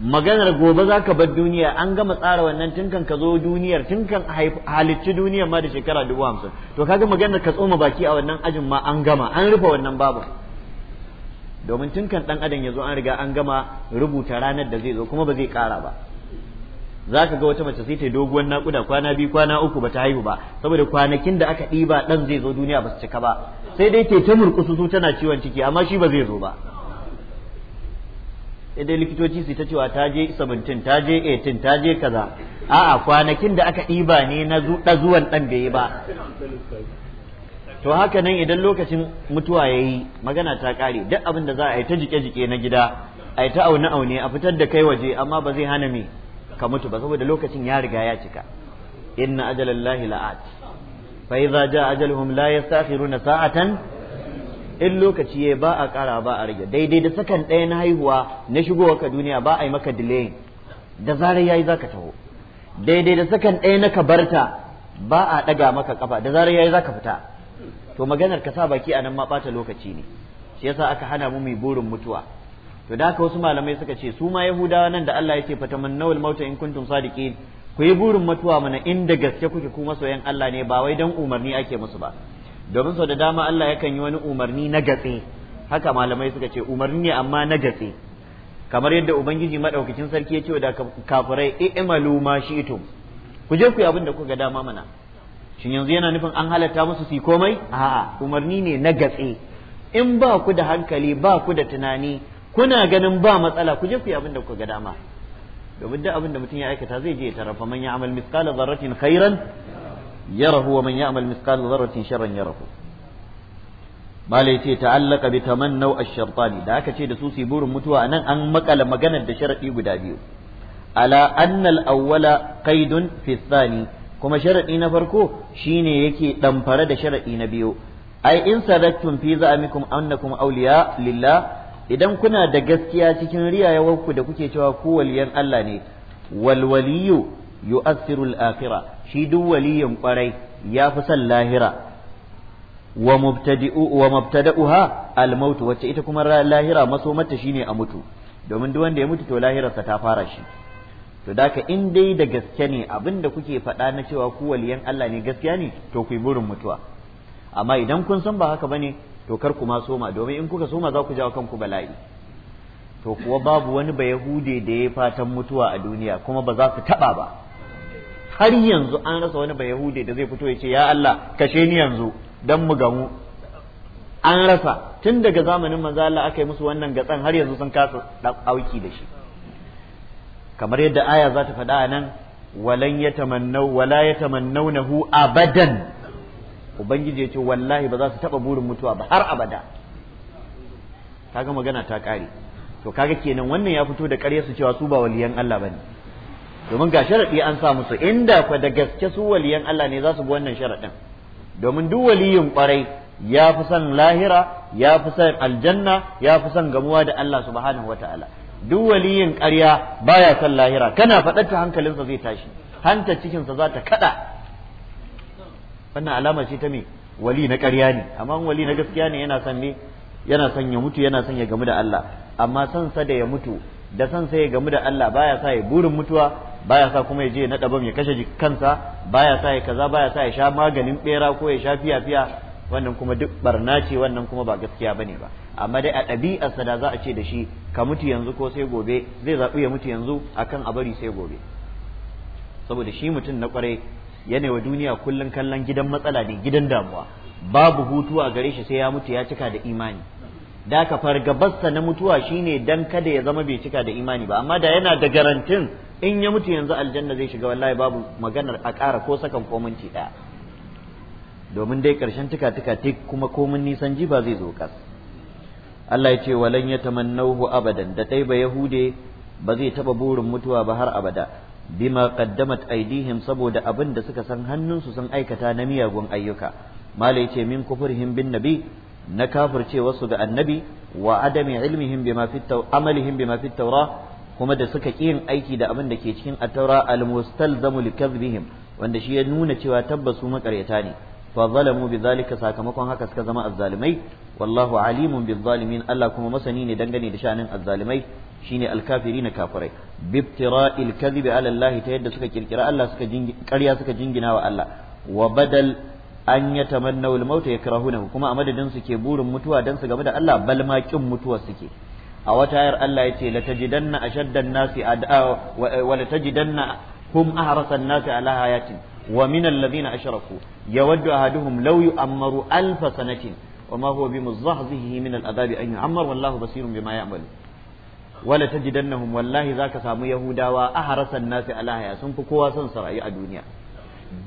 maganar gobe za ka bar duniya an gama tsara wannan tun kan ka zo duniyar tun kan halicci duniyar ma da shekara dubu hamsin to kaga maganar ka tsoma baki a wannan ajin ma an gama an rufe wannan babu domin tun kan dan adam ya zo an riga an gama rubuta ranar da zai zo kuma ba zai kara ba za ka ga wata mace sai ta yi doguwar naƙuda kwana biyu kwana uku ba ta haihu ba saboda kwanakin da aka ɗiba ɗan zai zo duniya ba su cika ba sai dai ke ta murƙusu tana ciwon ciki amma shi ba zai zo ba idan likitoci su ta cewa ta je 17 ta je 18 ta je kaza a'a kwanakin da aka ɗiba ne na zuwan ɗan bai yi ba to haka nan idan lokacin mutuwa ya yi magana ta ƙare duk abin da za a yi ta jike-jike na gida a yi ta aune-aune a fitar da kai waje amma ba zai hana me ka mutu ba saboda lokacin ya riga ya cika inna lahi la'at fa idza jaa ajaluhum la yastakhiruna sa'atan in lokaci ya ba a ƙara ba a rage daidai da sakan ɗaya na haihuwa na shigowa ka duniya ba a yi maka delay da zarar yayi zaka taho daidai da sakan ɗaya na kabarta ba a ɗaga maka kafa da zarar yayi zaka fita to maganar ka sa baki anan ma bata lokaci ne shi yasa aka hana mu mai burin mutuwa to da haka wasu malamai suka ce su ma yahudawa nan da Allah ya ce nawal mauta in kuntum sadiqin ku yi burin mutuwa mana inda gaske kuke kuma masoyan Allah ne ba wai dan umarni ake musu ba domin sau da dama Allah yakan yi wani umarni na gatse haka malamai suka ce umarni ne amma na gatse kamar yadda ubangiji madaukakin sarki ya ce da kafirai i'malu ma shi'tum ku je ku yi abin da kuka dama mana shin yanzu yana nufin an halatta musu su komai a'a umarni ne na gatse in ba ku da hankali ba ku da tunani kuna ganin ba matsala ku je ku yi abin da ku ga dama domin duk abin da mutum ya aikata zai je ya tarafa man ya'mal mithqala dharratin khairan yarahu wa man ya'mal mithqala dharratin sharran yarahu malai ce ta'allaka bi tamannau ash-shaytani da aka ce da su su burin mutuwa anan an makala maganar da sharadi guda biyu ala annal awwala qaidun fi thani kuma sharaɗi na farko shine yake ɗamfare da sharaɗi na biyu ai in sadattum fi za'amikum annakum awliya lillah idan kuna da gaskiya cikin riyayawarku da kuke cewa ku waliyan Allah ne wal waliyu yu'assiru al shi duk waliyin kwarai ya fi son lahira wa mubtadi'u wa mubtada'uha al maut wacce ita kuma lahira maso mata shine a mutu domin duk wanda ya mutu to lahirarsa ta fara shi to daka in dai da gaske ne abin da kuke faɗa na cewa ku waliyan Allah ne gaskiya ne to ku yi burin mutuwa amma idan kun san ba haka bane to kar ku ma soma domin in kuka soma za ku jawo kanku bala'i to kuwa babu wani ba yahude da ya fatan mutuwa a duniya kuma ba za su taba ba har yanzu an rasa wani ba yahude da zai fito ya ce ya Allah kashe ni yanzu dan mu gamu an rasa tun daga zamanin manzo Allah aka musu wannan gatsan har yanzu sun kasa auki da shi kamar yadda aya za ta faɗa a nan walan yatamannau wala yatamannawnahu abadan ubangiji ya ce wallahi ba za su taɓa burin mutuwa ba har abada kaga magana ta ƙare to kaga kenan wannan ya fito da ƙarya su cewa su ba waliyan Allah bane domin ga sharaɗi an sa musu inda kwa da gaske su waliyan Allah ne za su bi wannan sharaɗin domin duk waliyin ƙwarai ya fi son lahira ya fi son aljanna ya fi son gamuwa da Allah subhanahu wataala duk waliyin ƙarya baya son lahira kana faɗar ta hankalinsa zai tashi hanta cikinsa za ta kaɗa wannan alama ce ta me wali na ƙarya ne amma wali na gaskiya ne yana son ne yana son ya mutu yana son ya gamu da Allah amma son sa da ya mutu da son sa ya gamu da Allah baya sa ya burin mutuwa baya sa kuma ya je na daban ya kashe kansa baya sa ya kaza baya sa ya sha maganin bera ko ya sha fiya fiya wannan kuma duk barna ce wannan kuma ba gaskiya bane ba amma dai a ɗabi'arsa da za a ce da shi ka mutu yanzu ko sai gobe zai zaɓi ya mutu yanzu akan a bari sai gobe saboda shi mutum na kwarai yana wa duniya kullum kallon gidan matsala ne gidan damuwa babu hutu a gare shi sai ya mutu ya cika da imani da ka fargabarsa na mutuwa shine dan kada ya zama bai cika da imani ba amma da yana da garantin in ya mutu yanzu aljanna zai shiga wallahi babu maganar a ƙara ko sakan komanci ɗaya domin dai ƙarshen tuka-tuka tik kuma komin nisan jifa zai zo ƙas Allah ya ce walan ya tamannahu abadan da ɗai ba yahude ba zai taɓa burin mutuwa ba har abada bima qaddamat aidihim saboda abin da suka san hannunsu sun aikata na miyagun ayyuka malai ce min kufurihim bin nabi na kafirce wasu ga annabi wa adami ilmihim bima fi amalihim bima fi tawra kuma da suka ƙi yin aiki da abin da ke cikin attaura taura al-mustalzamu li wanda shi ya nuna cewa tabbasu makaryata ne fa bi zalika sakamakon haka suka zama azzalimai wallahu alimun bi Allah kuma masani ne dangane da shanin azzalimai shine alkafirin kafirai bibtira'il kadhibi ala Allah ta yadda suka kirkira Allah suka ƙarya suka jingina wa Allah wa badal an yatamannaw al-maut yakrahunahu kuma a madadin su ke burin mutuwa dan su game da Allah bal ma kin mutuwa suke a wata ayar Allah yace la tajidanna ashaddan nasi ada wa la tajidanna hum ahrasan nasi ala hayatin wa min alladhina ashraku yawaddu ahaduhum law yu'ammaru alfa sanatin wa ma huwa bimuzahzihi min al'adabi an yu'ammar wallahu basirun bima ya'malu wala tajidannahum wallahi zaka samu yahudawa aharasan nasi ala sun fi kowa son sa rayu a duniya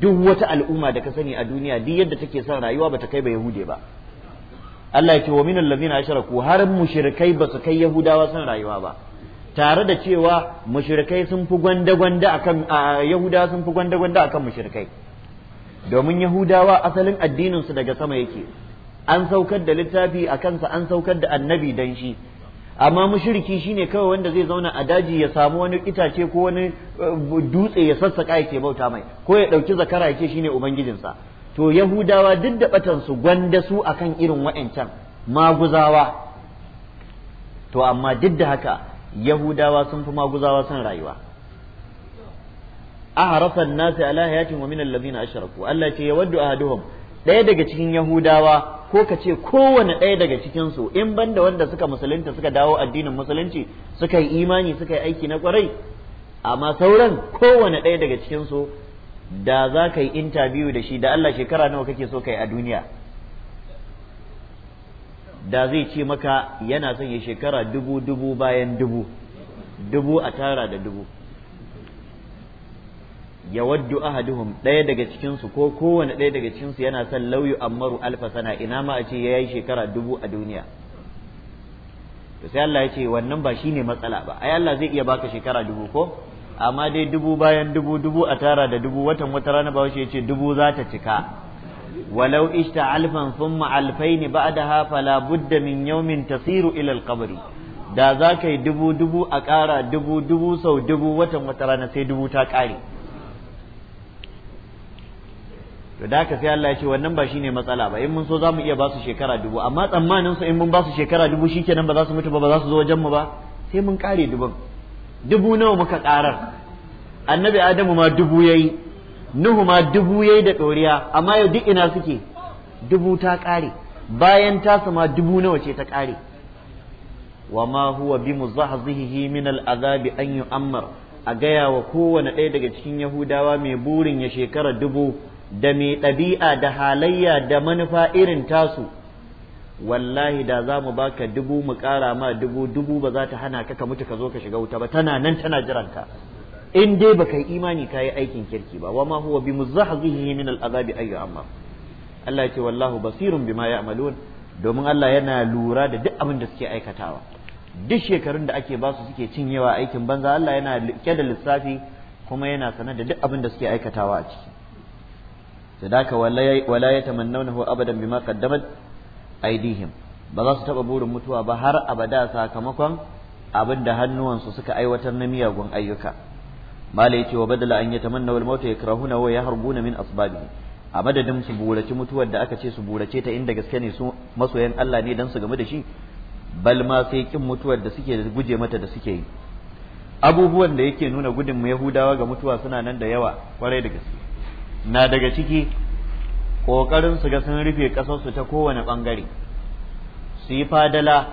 duk wata al'umma da ka sani a duniya duk yadda take son rayuwa bata kai ba yahude ba Allah ya ce wa min alladhina ashraku har mushirikai ba su kai yahudawa son rayuwa ba tare da cewa mushrikai sun fi gwanda-gwanda kan Yahuda sun fi gwanda-gwanda kan mushrikai domin yahudawa asalin addininsu daga sama yake an saukar da littafi a kansa an saukar da annabi dan shi amma mushriki shine kawai wanda zai zauna a daji ya samu wani itace ko wani eh, dutse ya sassaka yake bauta mai ko ya ɗauki zakara yake shine ubangijinsa to yahudawa duk da batan su gwanda su akan irin wa'ancan maguzawa to amma duk da haka yahudawa sun fi maguzawa son rayuwa aharafan nasi ala ce wa min allazina ashraku Allah ce ya waddu ahaduhum ɗaya daga cikin yahudawa ko ka ce kowane ɗaya daga cikinsu in banda wanda suka musulunta suka dawo addinin musulunci suka yi imani suka yi aiki na kwarai amma sauran kowane ɗaya daga cikinsu da za ka yi intabiyu da shi da Allah shekara nawa kake so ka yi a duniya da zai ce maka yana son ya shekara dubu dubu bayan dubu dubu a tara da dubu ya waddu ahaduhum ɗaya daga cikinsu ko kowane ɗaya daga cikinsu yana son lauyu ammaru alfa sana ina ma a ce ya yi shekara dubu a duniya to sai Allah ya ce wannan ba shine matsala ba ai Allah zai iya baka shekara dubu ko amma dai dubu bayan dubu dubu a tara da dubu watan wata rana ba ya ce dubu za ta cika ولو اشت الفا ثم الفين بعدها فلا بد من يوم تصير الى القبر da za ka yi dubu dubu a ƙara dubu dubu sau dubu watan wata rana sai dubu ta ƙare to da ka sai Allah ya ce wannan ba shine matsala ba in mun so za mu iya ba su shekara dubu amma tsammanin su in mun ba su shekara dubu shikenan ba za su mutu ba ba za su zo wajen mu ba sai mun ƙare dubu dubu nawa muka ƙarar annabi adamu ma dubu yayi nuhu ma dubu yayi da ɗoriya amma yau duk ina suke dubu ta ƙare bayan tasa ma dubu nawa ce ta ƙare wa ma huwa bi muzahzihi min al'azabi an a gaya wa kowane ɗaya daga cikin yahudawa mai burin ya shekara dubu da mai ɗabi'a da halayya da manufa irin tasu wallahi da za mu baka dubu mu ƙara ma dubu dubu ba za ta hana ka ka mutu ka zo ka shiga wuta ba tana nan tana jiranka in dai baka yi imani kayi aikin kirki ba wama huwa bi muzahzihi min al'azabi ayyu amma Allah ce wallahu basirun bima ya'malun domin Allah yana lura da duk abin da suke aikatawa duk shekarun da ake basu suke cinyewa aikin banza Allah yana rike da lissafi kuma yana sanar da duk abin da suke aikatawa a ciki sadaka wala ya yatamannawnahu abadan bima qaddamat aydihim ba za su taɓa burin mutuwa ba har abada sakamakon abinda da hannuwansu suka aiwatar na miyagun ayyuka mala yace wa badala an yatamanna wal mauta yakrahuna wa yahrubuna min asbabihi a madadin su burace mutuwar da aka ce su burace ta inda gaske ne su masoyan Allah ne dan su game da shi bal ma sai kin mutuwar da suke guje mata da suke yi abubuwan da yake nuna gudun mu Yahudawa ga mutuwa suna nan da yawa kwarai da gaske na daga ciki kokarin su ga sun rufe kasar su ta kowane bangare su yi fadala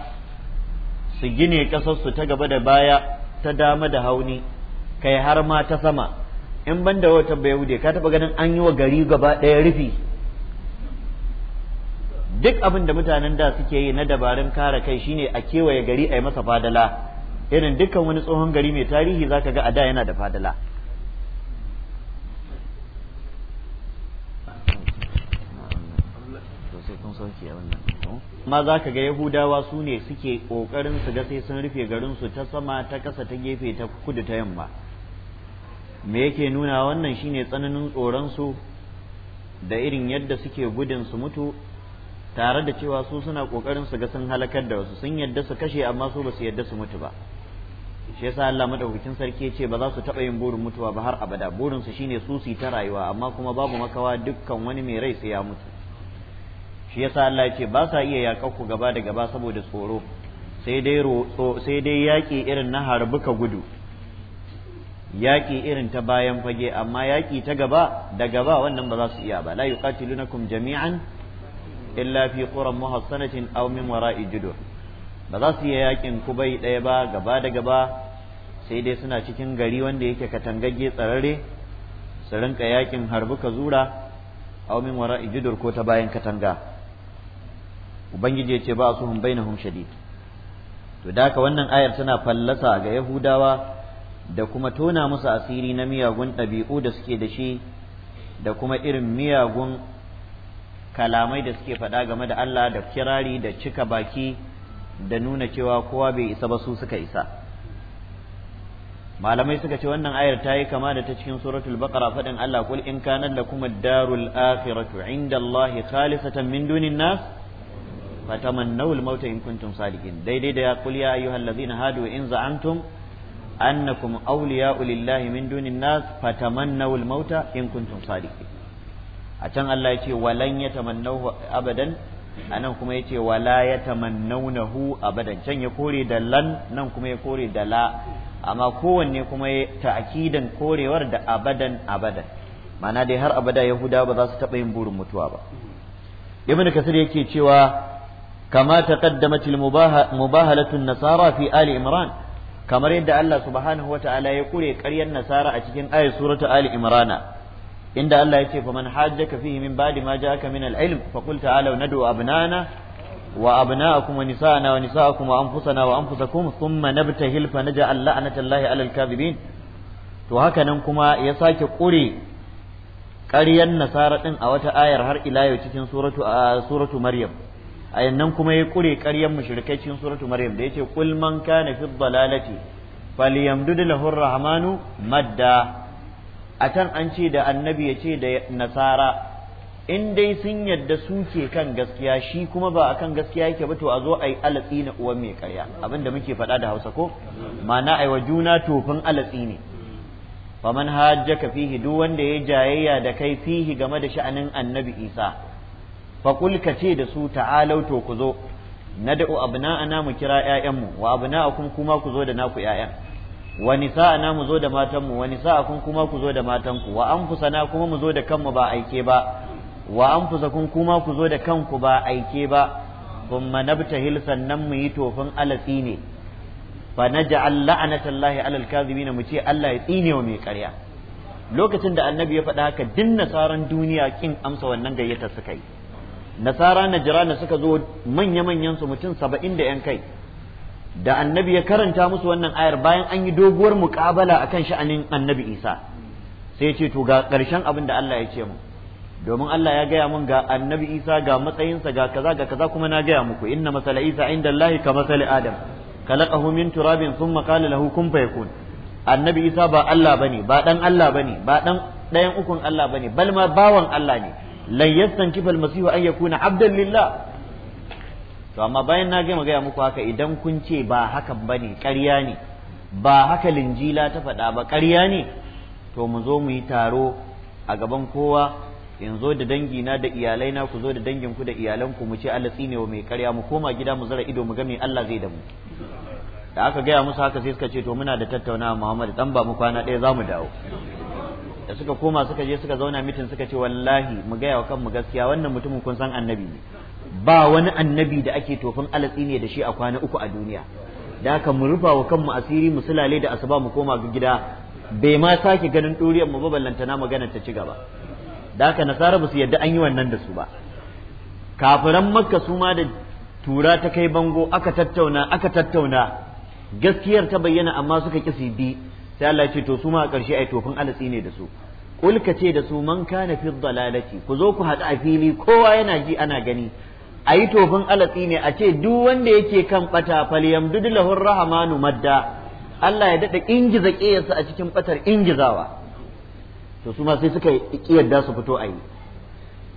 su gine kasar su ta gaba da baya ta dama da hauni kai har ma ta sama in ban da wata bayahude ka taba ganin an yi wa gari gaba ɗaya rufi duk abin da mutanen da suke yi na dabarun kare kai shine a kewaye gari a yi masa fadala irin dukkan wani tsohon gari mai tarihi zaka ga a da yana da fadala ma za ka ga yahudawa su ne suke ƙoƙarin su ga sai sun rufe garinsu ta sama ta kasa ta gefe ta kudu ta yamma me yake nuna wannan shine tsananin tsoron su da irin yadda suke gudun su mutu tare da cewa su suna kokarin su ga sun halakar da wasu sun yadda su kashe amma su ba su yadda su mutu ba shi yasa Allah madaukakin sarki ya ce ba za su taba yin burin mutuwa ba har abada burin su shine su su ta rayuwa amma kuma babu makawa dukkan wani mai rai sai ya mutu shi yasa Allah ya ce ba sa iya yaƙar ku gaba da gaba saboda tsoro sai dai sai dai yaƙi irin na harbuka gudu yaƙi irin ta bayan fage amma yaƙi ta gaba da gaba wannan ba za su iya ba la yuqatilunakum jami'an illa fi quran muhassanatin aw min wara'i judur ba za su iya yaƙin kubai ɗaya ba gaba da gaba sai dai suna cikin gari wanda yake katangagge tsararre su rinka yaƙin ka zura aw min wara'i judur ko ta bayan katanga ubangiji ya ce ba su hum bainahum shadid to da wannan ayar tana fallasa ga yahudawa da kuma tona musu asiri na miyagun ɗabi'u da suke da shi da kuma irin miyagun kalamai da suke faɗa game da Allah da kirari da cika baki da nuna cewa kowa bai isa ba su suka isa malamai suka ce wannan ayar ta yi kama da ta cikin suratul baqara faɗin Allah kul in kana lakum ad-darul akhiratu inda Allah khalisatan min dunin nas fatamannaw mauta in kuntum sadiqin daidai da ya kul ya ayyuhal ladina hadu in za'antum annakum awliya'u lillahi min dunin nas fatamannaw al-mauta in kuntum sadiqin a can Allah yace walan yatamannahu abadan anan kuma yace wala yatamannawnahu abadan can ya kore da lan nan kuma ya kore da la amma kowanne kuma ya ta'kidan korewar da abadan abadan ma'ana dai har abada yahuda ba za su taɓa yin burin mutuwa ba ibn kasir yake cewa kama taqaddamat al-mubahalatu nasara fi ali imran kamar yadda Allah subhanahu wata'ala ya kure ƙaryar nasara a cikin ayar suratu Ali Imrana inda Allah ya ce fa man hajjaka fihi min ba'di ma ja'aka min al-ilm fa qul ta'alu nad'u abnana wa abna'akum wa nisa'ana wa nisa'akum wa anfusana wa anfusakum thumma nabtahil fa naj'al la'nata Allahi 'alal kadhibin to haka nan kuma ya sake kure ƙaryar nasara din a wata ayar har ila yau cikin suratu Maryam A yannan kuma ya kure ƙaryan mushrikai cikin suratu maryam da yace kul man kana fi dhalalati falyamdud lahu rahmanu madda a can an ce da annabi yace da nasara in dai sun yadda suke kan gaskiya shi kuma ba a kan gaskiya yake ba to a zo a yi alatsi na uwan mai karya abinda muke faɗa da hausa ko ma'ana aiwa juna tofin alatsi ne faman hajjaka fihi duk wanda ya jayayya da kai fihi game da sha'anin annabi isa faƙul ka ce da su ta'alau to ku zo na da'u ana mu kira 'ya'yanmu wa abna'akum kuma ku zo da naku 'ya'yan wa ana mu zo da matanmu wa nisa'akum kuma ku zo da matanku wa na kuma mu zo da kanmu ba aike ba wa anfusakum kuma ku zo da kanku ba aike ba thumma hil sannan mu yi tofin alatsi ne fa naj'al la'anatallahi alal kadhibin mu ce Allah ya tsine wa mai ƙarya lokacin da annabi ya faɗa haka duk nasaran duniya kin amsa wannan gayyata suka yi nasara na jira na suka zo manya-manyan su mutum saba'in da 'yan kai da annabi ya karanta musu wannan ayar bayan an yi doguwar muƙabala kan sha'anin annabi isa sai ya ce to ga ƙarshen abin da allah ya ce mu domin allah ya gaya mun ga annabi isa ga matsayinsa ga kaza ga kaza kuma na gaya muku inna masala isa inda allahi ka masala adam khalaqahu min turabin sun qala lahu kun fayakun annabi isa ba allah bane ba dan allah bane ba dan ɗayan ukun allah bane bal ma bawan allah ne lan yastankifa masihu an yakuna abdan lillah to amma bayan na gama gaya muku haka idan kun ce ba haka bane ƙarya ne ba haka linjila ta faɗa ba ƙarya ne to mu zo mu yi taro a gaban kowa in zo da na da iyalai na ku zo da danginku da iyalanku mu ce Allah tsine wa mai ƙarya mu koma gida mu zara ido mu ga me Allah zai da mu da aka gaya musu haka sai suka ce to muna da tattaunawa Muhammad dan ba mu kwana ɗaya za mu dawo da suka koma suka je suka zauna mitin suka ce wallahi mu gaya wa kanmu gaskiya wannan mutumin kun san annabi ne ba wani annabi da ake tofin alatsi ne da shi a kwana uku a duniya da haka mu rufa wa kanmu asiri mu sulale da asuba mu koma ga gida bai ma sake ganin ɗuriyar mu ba na magana ta ci gaba da haka nasara ba su yadda an yi wannan da su ba kafiran makka su ma da tura ta kai bango aka tattauna aka tattauna gaskiyar ta bayyana amma suka ƙi bi sai Allah ya ce to su ma a ƙarshe ai tofin alatsi ne da su kul ka ce da su man kana fi dhalalati ku zo ku haɗu a fili kowa yana ji ana gani a tofin alatsi ne a ce duk wanda yake kan bata falyam dudulahur rahamanu madda Allah ya dada ingiza ƙeyarsa a cikin batar ingizawa to su ma sai suka yarda su fito a yi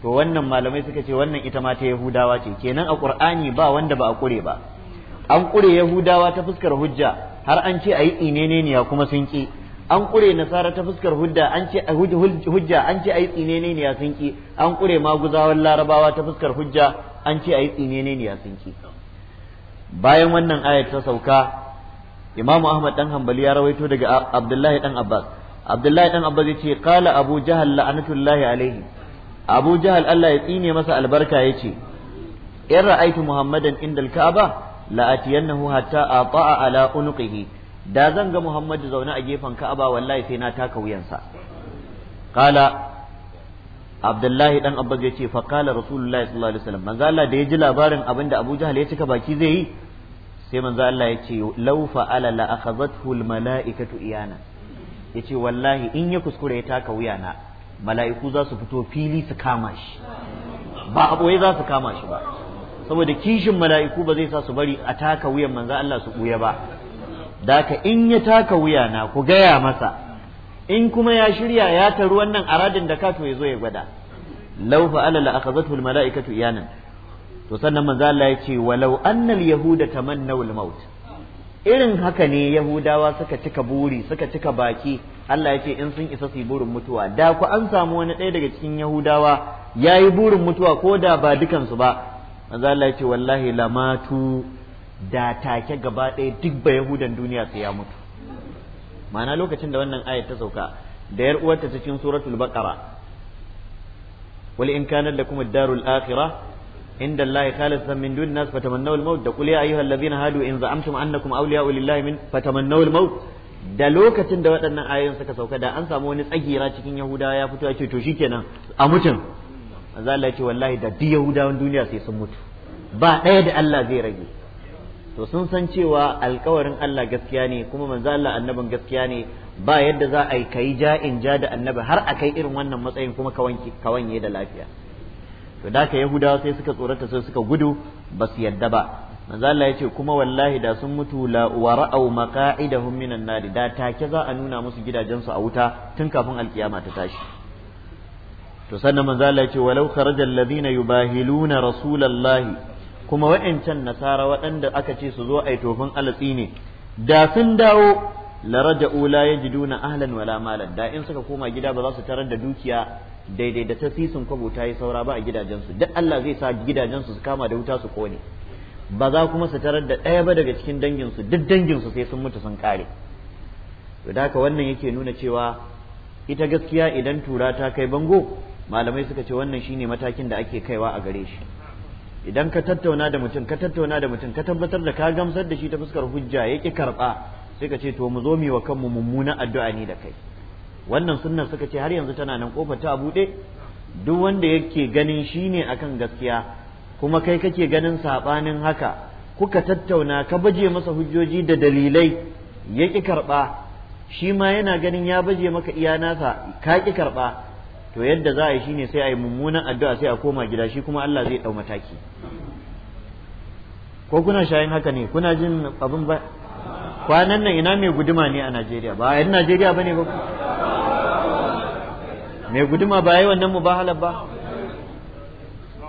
to wannan malamai suka ce wannan ita ma ta yahudawa ce kenan a qur'ani ba wanda ba a kure ba an ƙure yahudawa ta fuskar hujja har an ce ayi tsineneniya kuma sun ki an ƙure nasara ta fuskar hujja an ce hujja an ce ayi tsineneniya sun ki an ƙure maguzawan larabawa ta fuskar hujja an ce ayi tsineneniya sun ki bayan wannan ayat ta sauka imamu ahmad dan hanbali ya rawaito daga abdullahi dan abbas abdullahi dan abbas ya ce qala abu jahal la'anatullahi alaihi abu jahal allah ya tsine masa albarka ya ce in ra'aitu muhammadan indal ka'aba la'atiyannahu hatta ata'a ala unqihi da zan ga Muhammadu zaune a gefen Ka'aba wallahi sai na taka wuyansa qala Abdullahi dan Abbas ya ce fa qala Rasulullahi sallallahu alaihi wasallam manzo Allah da ya ji labarin abinda da Abu Jahal ya cika baki zai yi sai manzo Allah ya ce law fa'ala la akhadhathu al mala'ikatu iyana yace wallahi in ya kuskure ya taka wuyana mala'iku za su fito fili su kama shi ba a za su kama shi ba saboda kishin mala'iku ba zai sa su bari a taka wuyan manzo Allah su buya ba da in ya taka wuya na ku gaya masa in kuma ya shirya ya taru wannan aradin da ka ya zo ya gwada law alala a la al mala'ikatu iyanan to sannan manzo Allah ya ce walau annal yahuda tamannaw al maut irin haka ne yahudawa suka cika buri suka cika baki Allah ya ce in sun isa su yi burin mutuwa da ku an samu wani ɗaya daga cikin yahudawa ya yi burin mutuwa ko da ba dukansu ba manzo Allah ya ce wallahi lamatu da take gaba ɗaya duk ba yahudan duniya sai ya mutu ma'ana lokacin da wannan ayat ta sauka da yar uwarta cikin suratul baqara wal in kana lakum ad-darul akhirah inda Allah khalisan min dun nas fatamannaw al-maut da qul ya ayyuhal ladhina hadu in za'amtum annakum awliya'u lillahi min fatamannaw al-maut da lokacin da waɗannan ayoyin suka sauka da an samu wani tsagira cikin yahudawa ya fito ya ce to shikenan a mutum Allah ya ce wallahi da duk yahudawan duniya sai sun mutu ba ɗaya da Allah zai rage to sun san cewa alkawarin Allah gaskiya ne kuma manzo Allah annabin gaskiya ne ba yadda za a yi kai ja'in ja da annabi har a kai irin wannan matsayin kuma ka wanye da lafiya to da ka yahudawa sai suka tsorata sai suka gudu ba su yadda ba manzo Allah ya ce kuma wallahi da sun mutu la wa ra'au maqa'idahum minan nar da take za a nuna musu gidajensu a wuta tun kafin alkiyama ta tashi to sannan manzo Allah wa walau kharajal ladina yubahiluna rasulallahi kuma wa'ancan nasara waɗanda aka ce su zo ai tofin alatsi ne da sun dawo laraja'u la yajiduna ahlan wala malan da in suka koma gida ba za su tarar da dukiya daidai da tasisin kwabo ta yi saura ba a gidajensu duk Allah zai sa gidajensu su kama da wuta su kone ba za kuma su tarar da ɗaya ba daga cikin danginsu duk danginsu sai sun mutu sun kare to da haka wannan yake nuna cewa ita gaskiya idan tura ta kai bango malamai suka ce wannan shine matakin da ake kaiwa a gare shi idan ka tattauna da mutum ka tattauna da mutum ka tabbatar da ka gamsar da shi ta fuskar hujja ya ki karba sai ka ce to mu zo mu wa kanmu mummunan addu'a ne da kai wannan sunnar suka ce har yanzu tana nan kofar ta buɗe duk wanda yake ganin shine akan gaskiya kuma kai kake ganin saɓanin haka kuka tattauna ka baje masa hujjoji da dalilai ya ki karɓa shi ma yana ganin ya baje maka iya nasa ka ki karɓa to yadda za a yi shine sai a yi mummunan addu'a sai a koma gida shi kuma Allah zai dau mataki ko kuna shayin haka ne kuna jin abin ba kwanan nan ina mai guduma ne a Najeriya ba a Najeriya bane ba mai guduma ba yi wannan mubahalar ba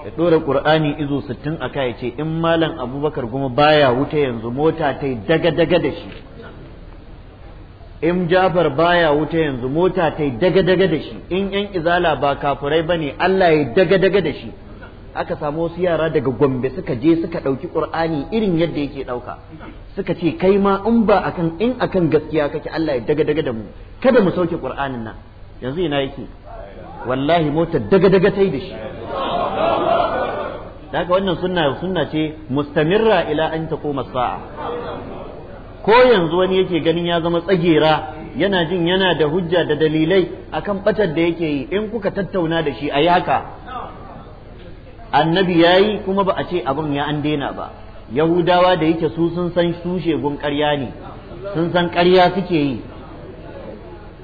ya ɗora qur'ani izo sittin aka kai ce in malam abubakar kuma baya wuta yanzu mota ta yi daga-daga da shi in Jafar baya wuta yanzu mota ta daga-daga da shi in yan izala ba kafurai ba ne Allah ya daga-daga da shi aka samu wasu yara daga gombe suka je suka ɗauki ƙur'ani irin yadda yake ɗauka suka ce kai ma in ba akan in akan gaskiya kake Allah ya daga-daga da mu kada mu sauke ƙur'anin nan yanzu ina yake wallahi mota daga-daga ta yi da shi da haka wannan sunna sunna ce mustamirra ila an taquma sa'a ko yanzu wani yake ganin ya zama tsagera yana jin yana da hujja da dalilai akan batar da yake yi in kuka tattauna da shi a annabi ya yi kuma ba a ce abin ya an daina ba yahudawa da yake su sun san su shegun ƙarya ne sun san ƙarya suke yi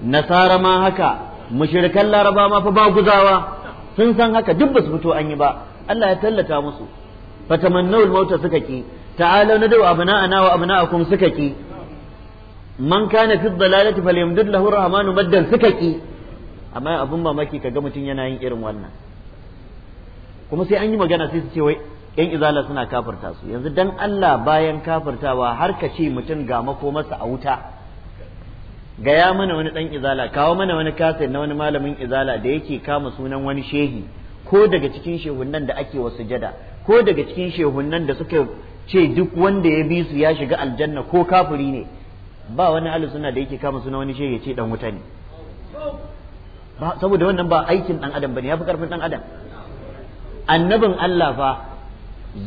nasara ma haka mushrikan laraba ma fa guzawa sun san haka duk ba su fito an yi ba Allah ya tallata musu fatamannawul mauta suka ke. ta'ala nadu abna'ana wa abna'akum suka ki man kana fi dhalalati falyamdud lahu rahmanu maddan suka ki amma abun mamaki kaga mutum yana yin irin wannan kuma sai an yi magana sai su ce wai yan izala suna kafirta su yanzu dan Allah bayan kafirtawa har ka ce mutum ga masa a wuta gaya mana wani dan izala kawo mana wani kaset na wani malamin izala da yake kama sunan wani shehi ko daga cikin shehunan da ake wa sujada ko daga cikin shehunan da suka ce duk wanda ya bi su ya shiga aljanna ko kafiri ne ba wani ahli da yake kama suna wani shehi ya ce dan wuta ne saboda wannan ba aikin dan adam bane yafi karfin dan adam annabin Allah fa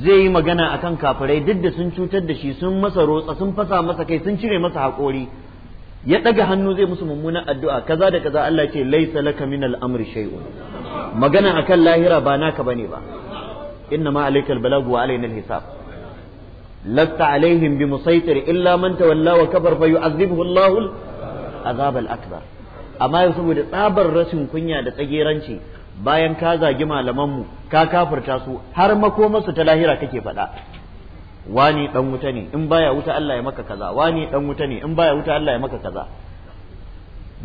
zai yi magana akan kafirai duk da sun cutar da shi sun masa rotsa sun fasa masa kai sun cire masa haƙori ya ɗaga hannu zai musu mummunan addu'a kaza da kaza Allah ce laisa laka min al'amri shay'un magana akan lahira ba naka bane ba inna ma alaikal balagu wa alaina hisab لست عليهم bi إلا من تولى وكفر wa kafar fa الأكبر أما يصبح لطاب الرسم amma saboda tsabar rashin kunya da bayan ka zagi malamanmu ka kafirta su har makomarsu ta lahira kake faɗa wani dan wuta ne in baya wuta Allah ya maka kaza wani dan wuta ne in baya wuta Allah ya maka kaza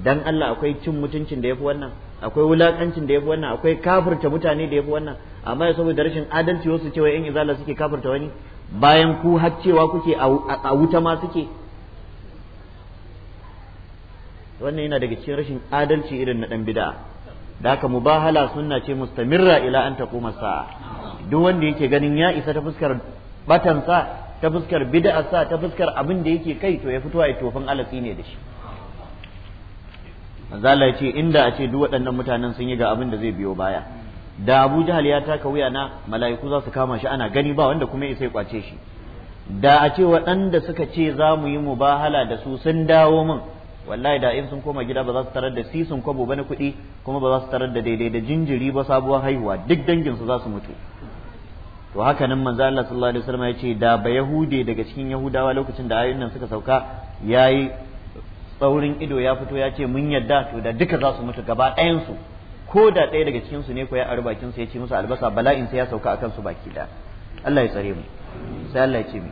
dan Allah akwai cin mutuncin da yafi wannan akwai wulakancin da yafi wannan akwai kafirta mutane da yafi wannan amma saboda rashin adalci wasu cewa in izala suke kafirta wani bayan ku har cewa kuke a wuta ma suke wannan yana daga cikin rashin adalci irin na dan bid'a da haka mubahala sunna ce mustamirra ila an taquma sa'a duk wanda yake ganin ya isa ta fuskar batan sa, ta fuskar sa, ta fuskar abin da yake kai to ya fito a tofan alasi ne da shi manzala ya ce inda a ce duk waɗannan mutanen sun yi ga abin da zai biyo baya da abu jahal ya taka wuya na mala'iku za su kama shi ana gani ba wanda kuma sai kwace shi da a ce waɗanda suka ce za mu yi mubahala da su sun dawo min wallahi da in sun koma gida ba za su tarar da sisin kwabo ba na kuɗi kuma ba za su tarar da daidai da jinjiri ba sabuwar haihuwa duk dangin su za su mutu to haka nan manzo Allah sallallahu alaihi wasallam ya ce da ba yahude daga cikin yahudawa lokacin da ayoyin nan suka sauka yayi tsaurin ido ya fito ya ce mun yadda to da duka za su mutu gaba ɗayan su ko da ɗaya daga cikin ne ko ya ari bakinsu ya ci musu albasa bala'in sai ya sauka akan su baki da Allah ya tsare mu sai Allah ya ce mu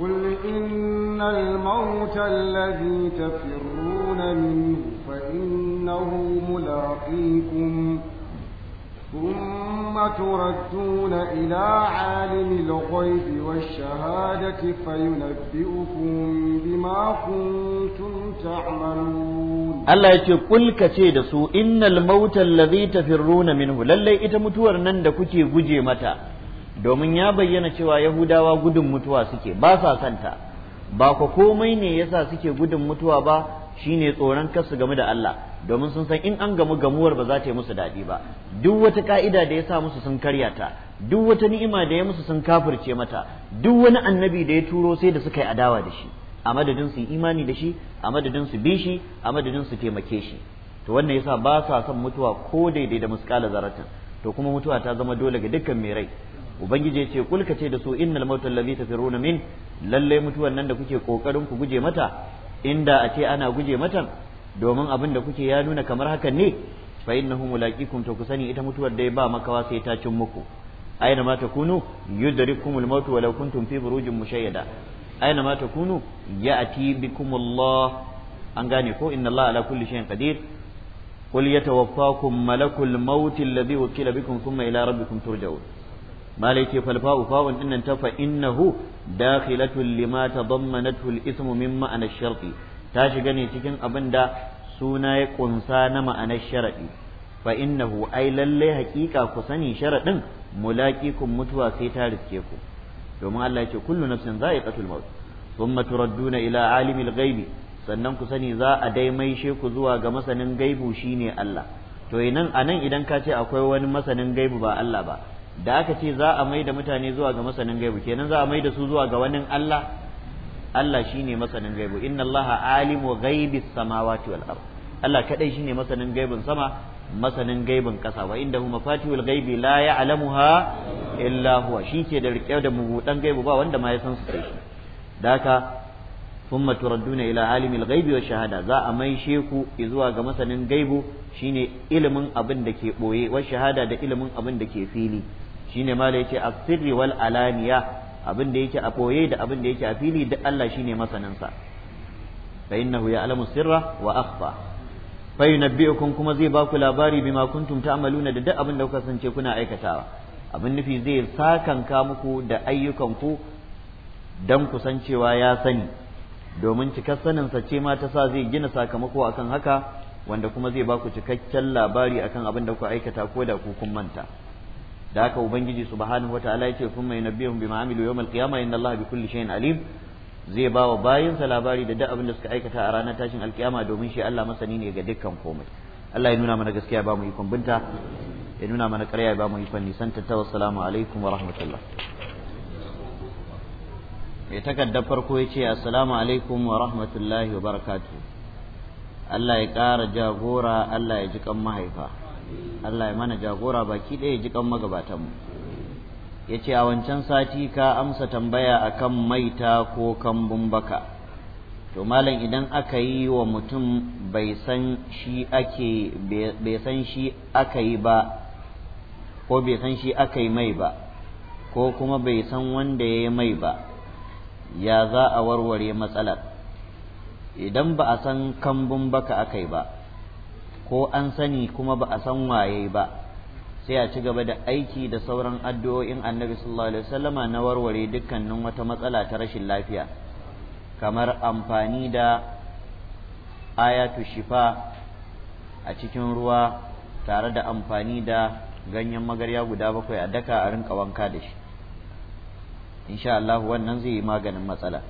قل إن الموت الذي تفرون منه فإنه ملاقيكم ثم تردون إلى عالم الغيب والشهادة فينبئكم بما كنتم تعملون الله يقول قل كتيد سو إن الموت الذي تفرون منه للي إتمتور نند كتي بجي متى domin ya bayyana cewa Yahudawa gudun mutuwa suke ba sa santa ba ko komai ne yasa suke gudun mutuwa ba shine tsoron kar su game da Allah domin sun san in an gamu gamuwar ba za ta yi musu daɗi ba duk wata ka'ida da ya sa musu sun karya ta duk wata ni'ima da ya musu sun kafirce mata duk wani annabi da ya turo sai da suka yi adawa da shi a madadin su imani da shi a madadin su bi shi a madadin su taimake shi to wannan yasa ba sa son mutuwa ko daidai da muskala zaratan to kuma mutuwa ta zama dole ga dukkan mai rai ubangiji ya ce kulka ce da su innal mautal ladhi tafiruna min lalle mutuwan nan da kuke kokarin ku guje mata inda a ce ana guje mata domin abin da kuke ya nuna kamar hakan ne fa innahu mulaqikum to ku sani ita mutuwar dai ba makawa sai ta cin muku aina ma takunu yudrikumul maut walau kuntum fi burujin mushayyada aina ma takunu ya'ti bikumullah an gane ko inna ala kulli shay'in qadir قل يتوفاكم ملك الموت الذي وكل بكم ثم إلى ربكم ترجعون ما ليتي فالفاء فاء إن انتفى إنه داخلة لما تضمنته الإثم الشرطي ta shiga ne cikin abin da suna ya kunsa na ma'anar sharaɗi fa innahu ai lallai haƙiƙa ku sani sharaɗin kun mutuwa sai ta riske ku domin Allah ya ce kullu nafsin za'iqatul maut thumma turadduna ila alimil gaibi. sannan ku sani za a dai maishe ku zuwa ga masanin gaibu shi ne Allah to inan anan idan ka ce akwai wani masanin gaibu ba Allah ba da aka ce za a mai da mutane zuwa ga masanin gaibu kenan za a mai da su zuwa ga wani Allah Allah ne masanin gaibu inna Allah alimu gaibi samawati wal ard Allah kadai shine masanin gaibin sama masanin gaibin kasa wa huma mafatihul gaibi la ya'lamuha illa huwa ke da rike da mubudan gaibu ba wanda ma ya san su sai shi daka thumma turadduna ila alimi ghaibi wa shahada za a mai sheku zuwa ga masanin gaibu shine ilimin abin da ke boye wa shahada da ilimin abin da ke fili shine ma da yace asirri wal alaniya abin da yake a koye da abin da yake a fili duk Allah shine masanin sa fa innahu ya'lamu sirra wa akhfa fa yunabbi'ukum kuma zai baku labari bima kuntum ta'maluna da duk abin da kuka sance kuna aikatawa abin nufi zai sakanka muku da ayyukan ku dan kusancewa ya sani domin cikar sanin sa ce ma ta sa zai gina sakamako akan haka wanda kuma zai baku cikakken labari akan abin da kuka aikata ko da ku kun manta da haka ubangiji subhanahu wataala yace thumma yunabbihum bima amilu yawm alqiyama inna allaha bikulli shay'in alim zai ba wa sa labari da duk abin da suka aikata a ranar tashin alkiyama domin shi Allah masani ne ga dukkan komai Allah ya nuna mana gaskiya ba mu ikon binta ya nuna mana ƙarya ba mu ikon nisan ta assalamu alaikum wa rahmatullah mai takardar farko ya ce assalamu alaikum wa rahmatullahi wa barakatuh Allah ya ƙara jagora Allah ya ji kan mahaifa Allah ya mana jagora baki ɗaya jikan magabatanmu ya ce a wancan sati ka amsa tambaya akan maita ko kambun baka to malam idan aka yi wa mutum bai san shi aka yi ba ko bai san shi aka yi mai ba ko kuma bai san wanda ya yi mai ba ya za a warware matsalar idan ba a san kambun baka aka yi ba ko an sani kuma ba a san waye ba sai a ci gaba da aiki da sauran addu'o'in annabi sallallahu alaihi wasallama na warware dukkanin wata matsala ta rashin lafiya kamar amfani da ayatu shifa a cikin ruwa tare da amfani da ganyen magarya guda bakwai a daka a rinka wanka da shi insha Allah wannan zai yi maganin matsala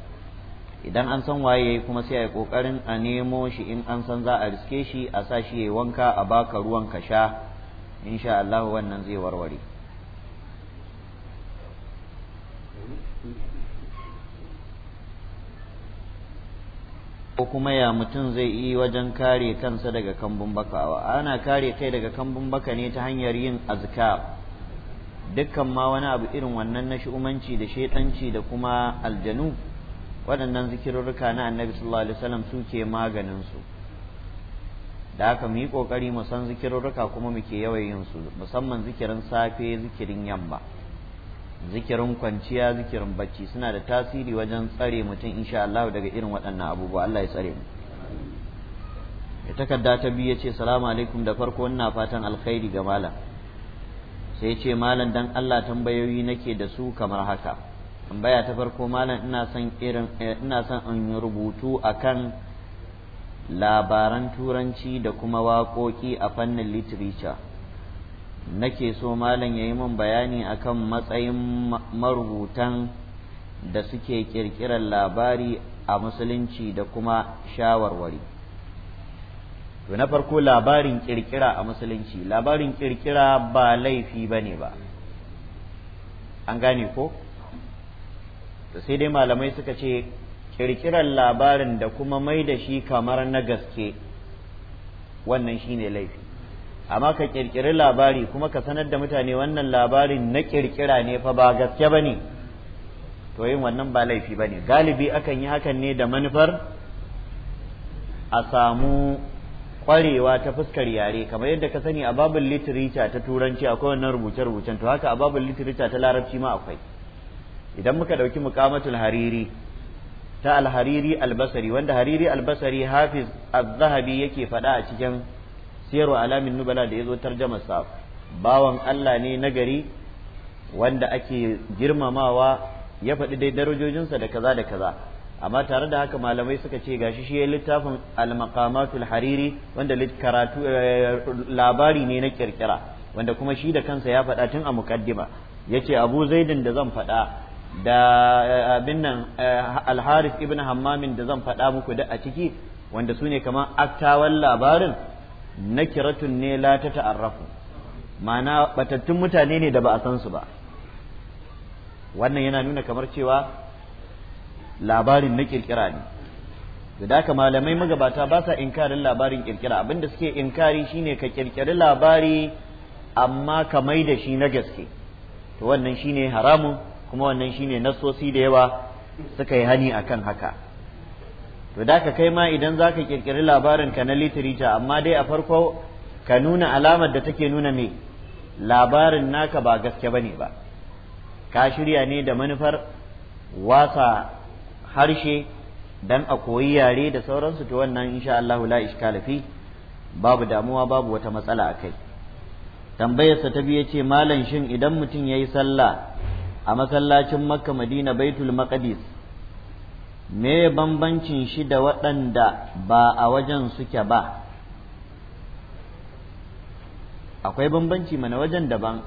idan an san waye yayi kuma sai a yi kokarin a nemo shi in an san za a riske shi a sa shi yayi wanka a baka ruwan ka sha insha Allah wannan zai warware ko kuma ya mutum zai yi wajen kare kansa daga kambun bakawa ana kare kai daga kambun baka ne ta hanyar yin azka dukkan ma wani abu irin wannan na shi'umanci da shaitanci da kuma aljanu waɗannan zikirurruka na annabi sallallahu alaihi wasallam su ke maganin su da aka mu yi kokari mu san zikirurruka kuma muke ke yawayin su musamman zikirin safe zikirin yamma zikirin kwanciya zikirin bacci suna da tasiri wajen tsare mutum insha Allah daga irin waɗannan abubuwa Allah ya tsare mu ya takarda ta biyu ya ce salamu alaikum da farko ina fatan alkhairi ga malam sai ce malam dan Allah tambayoyi nake da su kamar haka tambaya ta farko malam ina son irin eh, ina son in rubutu akan labaran turanci da kuma waƙoƙi a fannin literature nake so malam yayi yi min bayani akan matsayin marubutan da suke ƙirƙirar labari a musulunci da kuma shawarwari to na farko labarin ƙirƙira a musulunci labarin ƙirƙira ba laifi ba ba an gane ko sai dai malamai suka ce kirkirar labarin da kuma mai da shi kamar na gaske wannan shi ne laifi amma ka kirkiri labari kuma ka sanar da mutane wannan labarin na kirkira ne fa ba gaske ba ne to yin wannan ba laifi ba ne galibi akan yi hakan ne da manufar a samu kwarewa ta fuskar yare kamar yadda ka sani a babin literature ta turanci akwai wannan rubuce-rubucen to haka a babin literature ta larabci ma akwai idan muka ɗauki muqamatul hariri ta alhariri albasari wanda hariri albasari hafiz az-zahabi yake faɗa a cikin siyarwa alamin nubala da ya zo tarjamarsa sa bawan Allah ne nagari wanda ake girmamawa ya faɗi dai darajojinsa da kaza da kaza amma tare da haka malamai suka ce gashi shi ya littafin al-maqamatul hariri wanda karatu eh, labari ne na kirkira wanda kuma shi da kansa ya faɗa tun a muqaddima yace abu zaidin da zan faɗa da eh, abin nan eh, alharis ibn hammamin da zan faɗa muku da a ciki wanda su ne kamar aktawan labarin na kiratun ne la ta'arrafu ma'ana batattun mutane ne da ba a san su ba wannan yana nuna kamar cewa labarin na kirkira ne da haka malamai magabata ba sa inkarin labarin kirkira da suke inkari shine ka kirkiri labari amma ka mai da shi na gaske to wannan shine haramun kuma wannan shine nasosi da yawa suka yi hani akan haka to da ka kai ma idan za ka kirkiri labarin ka na literature amma dai a farko ka nuna alamar da take nuna mai labarin naka ba gaske ba ne ba ka shirya ne da manufar wasa harshe dan a koyi yare da sauransu to wannan insha Allah la iskala fi babu damuwa babu wata matsala a kai tambayarsa ta biya ce malam shin idan mutum ya yi sallah a masallacin makka madina baitul maqdis me bambancin shi da waɗanda ba a wajen suke ba akwai bambanci mana wajen daban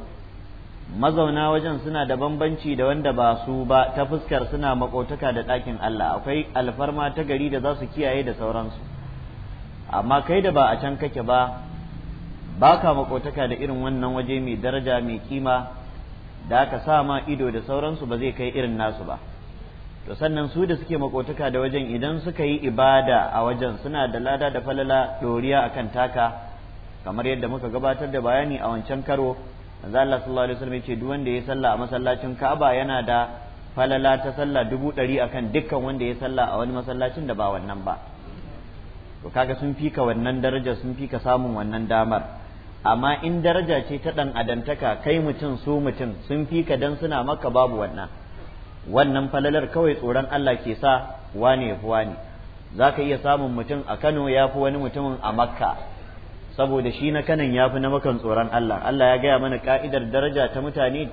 mazauna wajen suna da bambanci da wanda ba su ba ta fuskar suna makotaka da ɗakin Allah akwai alfarma ta gari da za su kiyaye da sauransu amma kai da ba a can kake ba ba ka makotaka da irin wannan waje mai daraja mai kima da aka sa ma ido da sauransu ba zai kai irin nasu ba to sannan su da suke makotuka da wajen idan suka yi ibada a wajen suna da lada da falala doriya akan taka kamar yadda muka gabatar da bayani a wancan karo manzo Allah sallallahu alaihi wasallam ce duk wanda ya sallah a masallacin Ka'aba yana da falala ta salla dubu ɗari akan dukkan wanda ya sallah a wani masallacin da ba wannan ba to kaga sun fika wannan daraja sun fika samun wannan damar amma in daraja ce ta ɗan adantaka kai mutum su mutum sun fi ka dan suna maka babu wannan wannan falalar kawai tsoron Allah ke sa wane ya fi wane za ka iya samun mutum a Kano yafi wani mutumin a Makka saboda shi na kanan ya fi na makan tsoron Allah Allah ya gaya mana ka'idar daraja ta mutane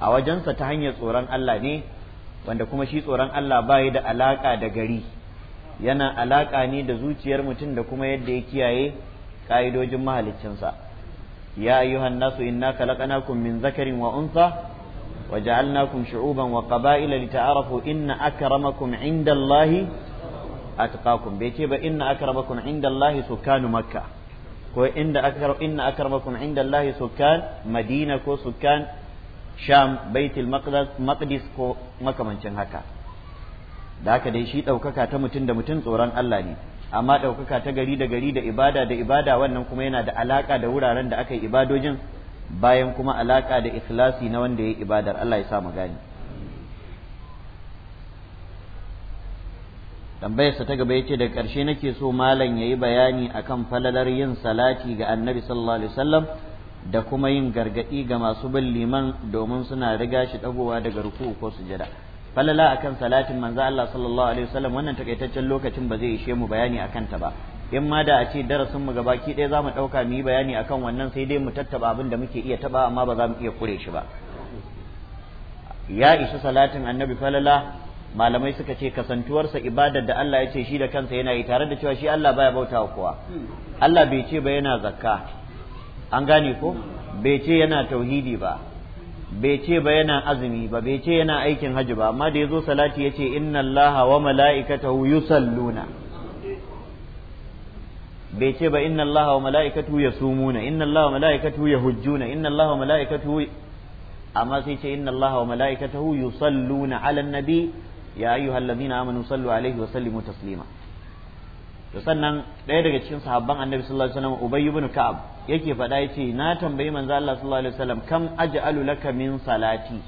a wajensa ta hanyar tsoron Allah ne wanda kuma shi tsoron Allah ba da alaka da gari yana alaka ne da zuciyar mutum da kuma yadda ya kiyaye ƙa'idojin mahaliccinsa ya ayyuhan nasu inna khalaqnakum min zakarin wa unsa wa ja'alnakum shu'uban wa qaba'ila lita'arafu inna akramakum 'inda Allahi atqakum bai ce ba inna akramakum 'inda Allahi sukkanu makka ko inda akram inna 'inda Allahi madina ko sukan sham baitul maqdis ko makamancin haka da haka dai shi ɗaukaka ta mutum da mutum tsoron Allah ne amma ɗaukaka ta gari da gari da ibada da ibada wannan kuma yana da alaƙa da wuraren da aka yi ibadojin bayan kuma alaƙa da ikhlasi na wanda ya yi ibadar Allah ya sa mu gani tambayarsa ta gaba yace da ƙarshe nake so malam yayi bayani akan falalar yin salati ga annabi sallallahu alaihi wasallam da kuma yin gargaɗi ga masu bin liman domin suna riga shi ɗagowa daga ruku ko sujada falala akan salatin manzo Allah sallallahu alaihi wasallam wannan takaitaccen lokacin ba zai ishe mu bayani akan ta ba in ma da a ce darasin mu gabaki ɗaya zamu ɗauka mu yi bayani akan wannan sai dai mu tattaba abin da muke iya taba amma ba za mu iya kure shi ba ya ishi salatin annabi falala malamai suka ce kasantuwarsa ibadar da Allah ya ce shi da kansa yana yi tare da cewa shi Allah baya bauta wa kowa Allah bai ce ba yana zakka an gane ko bai ce yana tauhidi ba bai ce ba yana azumi ba bai ce yana aikin hajji ba amma da ya zo salati ya ce inna allaha wa mala'ikatahu yusalluna bai ce ba inna allaha wa mala'ikatahu yasumuna inna allaha wa mala'ikatahu yahujjuna inna allaha wa mala'ikatahu amma sai ce inna allaha wa mala'ikatahu yusalluna ala nabi ya ayyuhal ladina amanu sallu alaihi wa sallimu taslima to sannan daya daga cikin sahabban annabi sallallahu alaihi wasallam ubay ibn ka'ab yake faɗa yace na tambayi manzo Allah sallallahu alaihi wasallam kam aj'alu laka min salati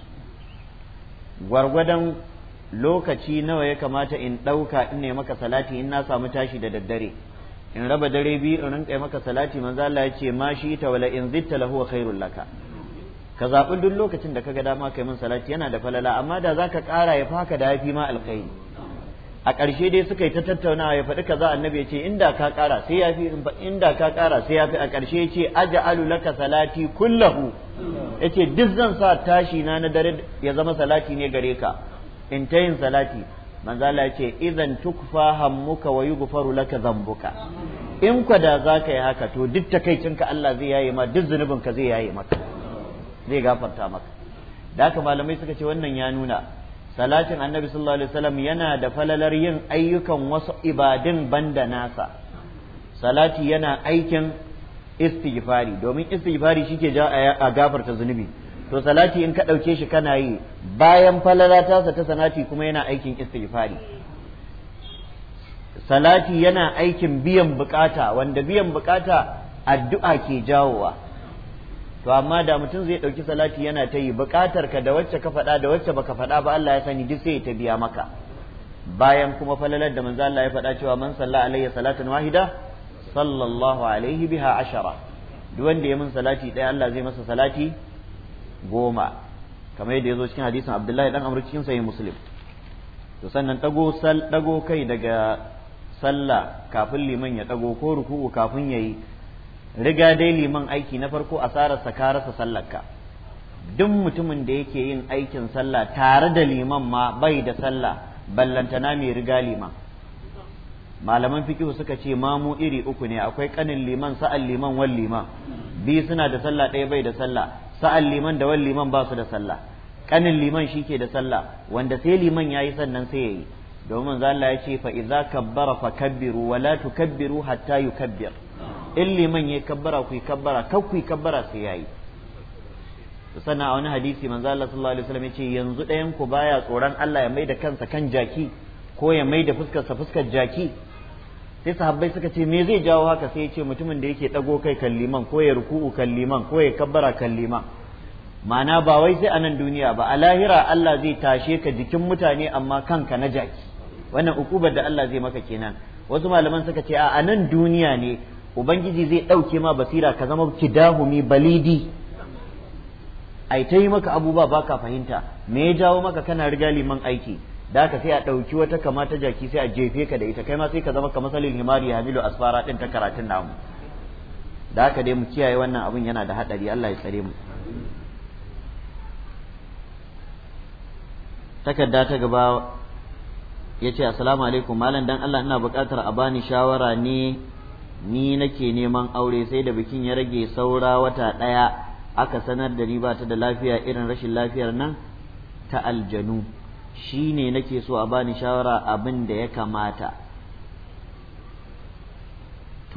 gwargwadon lokaci nawa ya kamata in ɗauka in ne maka salati in na samu tashi da daddare in raba dare biyu in rinka maka salati manzo Allah ya ce ma shi ta wala in zitta lahu khairul laka ka zaɓi duk lokacin da kaga dama kai min salati yana da falala amma da zaka kara ya faka da yafi ma alkhairi a ƙarshe dai suka yi ta tattaunawa ya faɗi kaza annabi ya ce inda ka ƙara sai ya fi inda ka ƙara sai ya fi a ƙarshe ya ce alu laka salati kullahu ya ce duk zan sa tashi na na dare ya zama salati ne gare ka in ta yin salati manzala ya ce idan tukfa hammuka wa yughfaru laka zambuka in kwa da za ka yi haka to duk takaicinka Allah zai yaye ma duk zunubinka zai yaye maka zai gafarta maka da haka malamai suka ce wannan ya nuna salatin annabi sallallahu alaihi wasallam yana da falalar yin ayyukan wasu ibadin banda nasa salati yana aikin istighfari domin istighfari shike ja a gafarta zunubi to salati in ka ɗauke shi kana yi bayan falala sa ta sanati kuma yana aikin istighfari salati yana aikin biyan bukata wanda biyan bukata addu'a ke jawowa to amma da mutum zai ɗauki salati yana ta yi buƙatar ka da wacce ka faɗa da wacce baka faɗa ba Allah ya sani duk sai ta biya maka bayan kuma falalar da manzo Allah ya faɗa cewa man salla alayya salatan wahida sallallahu alaihi biha ashara duk wanda ya min salati ɗaya Allah zai masa salati goma kamar yadda ya zo cikin hadisin Abdullahi dan Amru cikin sahih Muslim to sannan dago sal dago kai daga sallah kafin liman ya dago ko ruku'u kafin yayi riga dai liman aiki na farko asararsa ka rasa sallarka duk mutumin da yake yin aikin sallah tare da liman ma bai da sallah ballantana mai riga liman malaman fikihu suka ce mamu iri uku ne akwai kanin liman sa'an liman wal liman bi suna da sallah ɗaya bai da sallah sa'an liman da wal liman ba su da sallah kanin liman shi ke da sallah wanda sai liman yayi sannan sai yayi domin zalla ya ce fa idza kabbara kabbiru wa la tukabbiru hatta yukabbir in liman ya kabbara ku yi kabbara kar ku yi kabbara sai yayi sannan a wani hadisi manzo Allah sallallahu alaihi wasallam yace yanzu ɗayan ku baya tsoron Allah ya mai da kansa kan jaki ko ya mai da fuskarsa fuskar jaki sai sahabbai suka ce me zai jawo haka sai ya ce mutumin da yake ɗago kai kan liman ko ya ruku'u kalliman ko ya kabbara kalliman ma'ana ba wai sai a nan duniya ba a lahira Allah zai tashe ka jikin mutane amma kanka na jaki wannan ukubar da Allah zai maka kenan wasu malaman suka ce a nan duniya ne ubangiji zai ɗauke ma basira ka zama kidahumi balidi ai ta yi maka abubuwa ba ka fahimta me ya jawo maka kana riga liman aiki da ka sai a ɗauki wata kama ta jaki sai a jefe ka da ita kai ma sai ka zama ka masalin himari hamilu asfara ɗin ta karatun namu da haka dai mu kiyaye wannan abun yana da haɗari Allah ya tsare mu takarda ta gaba ya ce assalamu alaikum malam dan Allah ina buƙatar a bani shawara ne ni nake neman aure sai da bikin ya rage saura wata ɗaya aka sanar da ni ba ta da lafiya irin rashin lafiyar nan ta aljanu shi ne nake so a bani shawara abin da ya kamata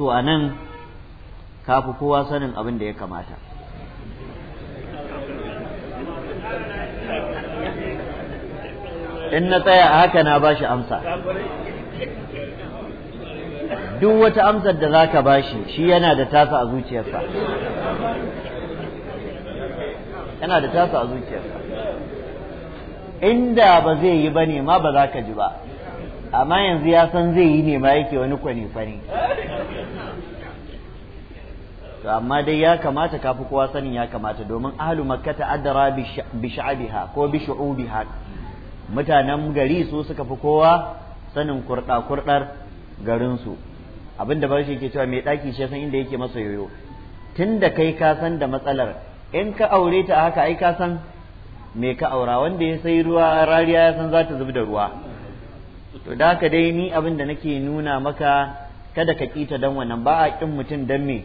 to a nan kafi kowa sanin abin da ya kamata in na tsaya haka na ba shi amsa duk wata amsar da za ka ba shi shi yana da tasa a zuciyarsa yana da tasa a zuciyarsa inda ba zai yi ba ne ma ba za ka ji ba amma yanzu ya san zai yi ne ma yake wani kwane. to amma dai ya kamata kafi kowa sanin ya kamata domin ahlu makka ta'addara bi sha'abiha ko bi shu'ubiha mutanen gari su suka fi kowa sanin kurɗa kurɗar garinsu abinda ba shi ke cewa mai ɗaki shi san inda yake masa yoyo tun da kai ka san da matsalar in ka aure ta haka ai ka san me ka aura wanda ya sai ruwa rariya ya san za ta zubi da ruwa to da haka dai ni abinda nake nuna maka kada ka kita dan wannan ba a kin mutum dan me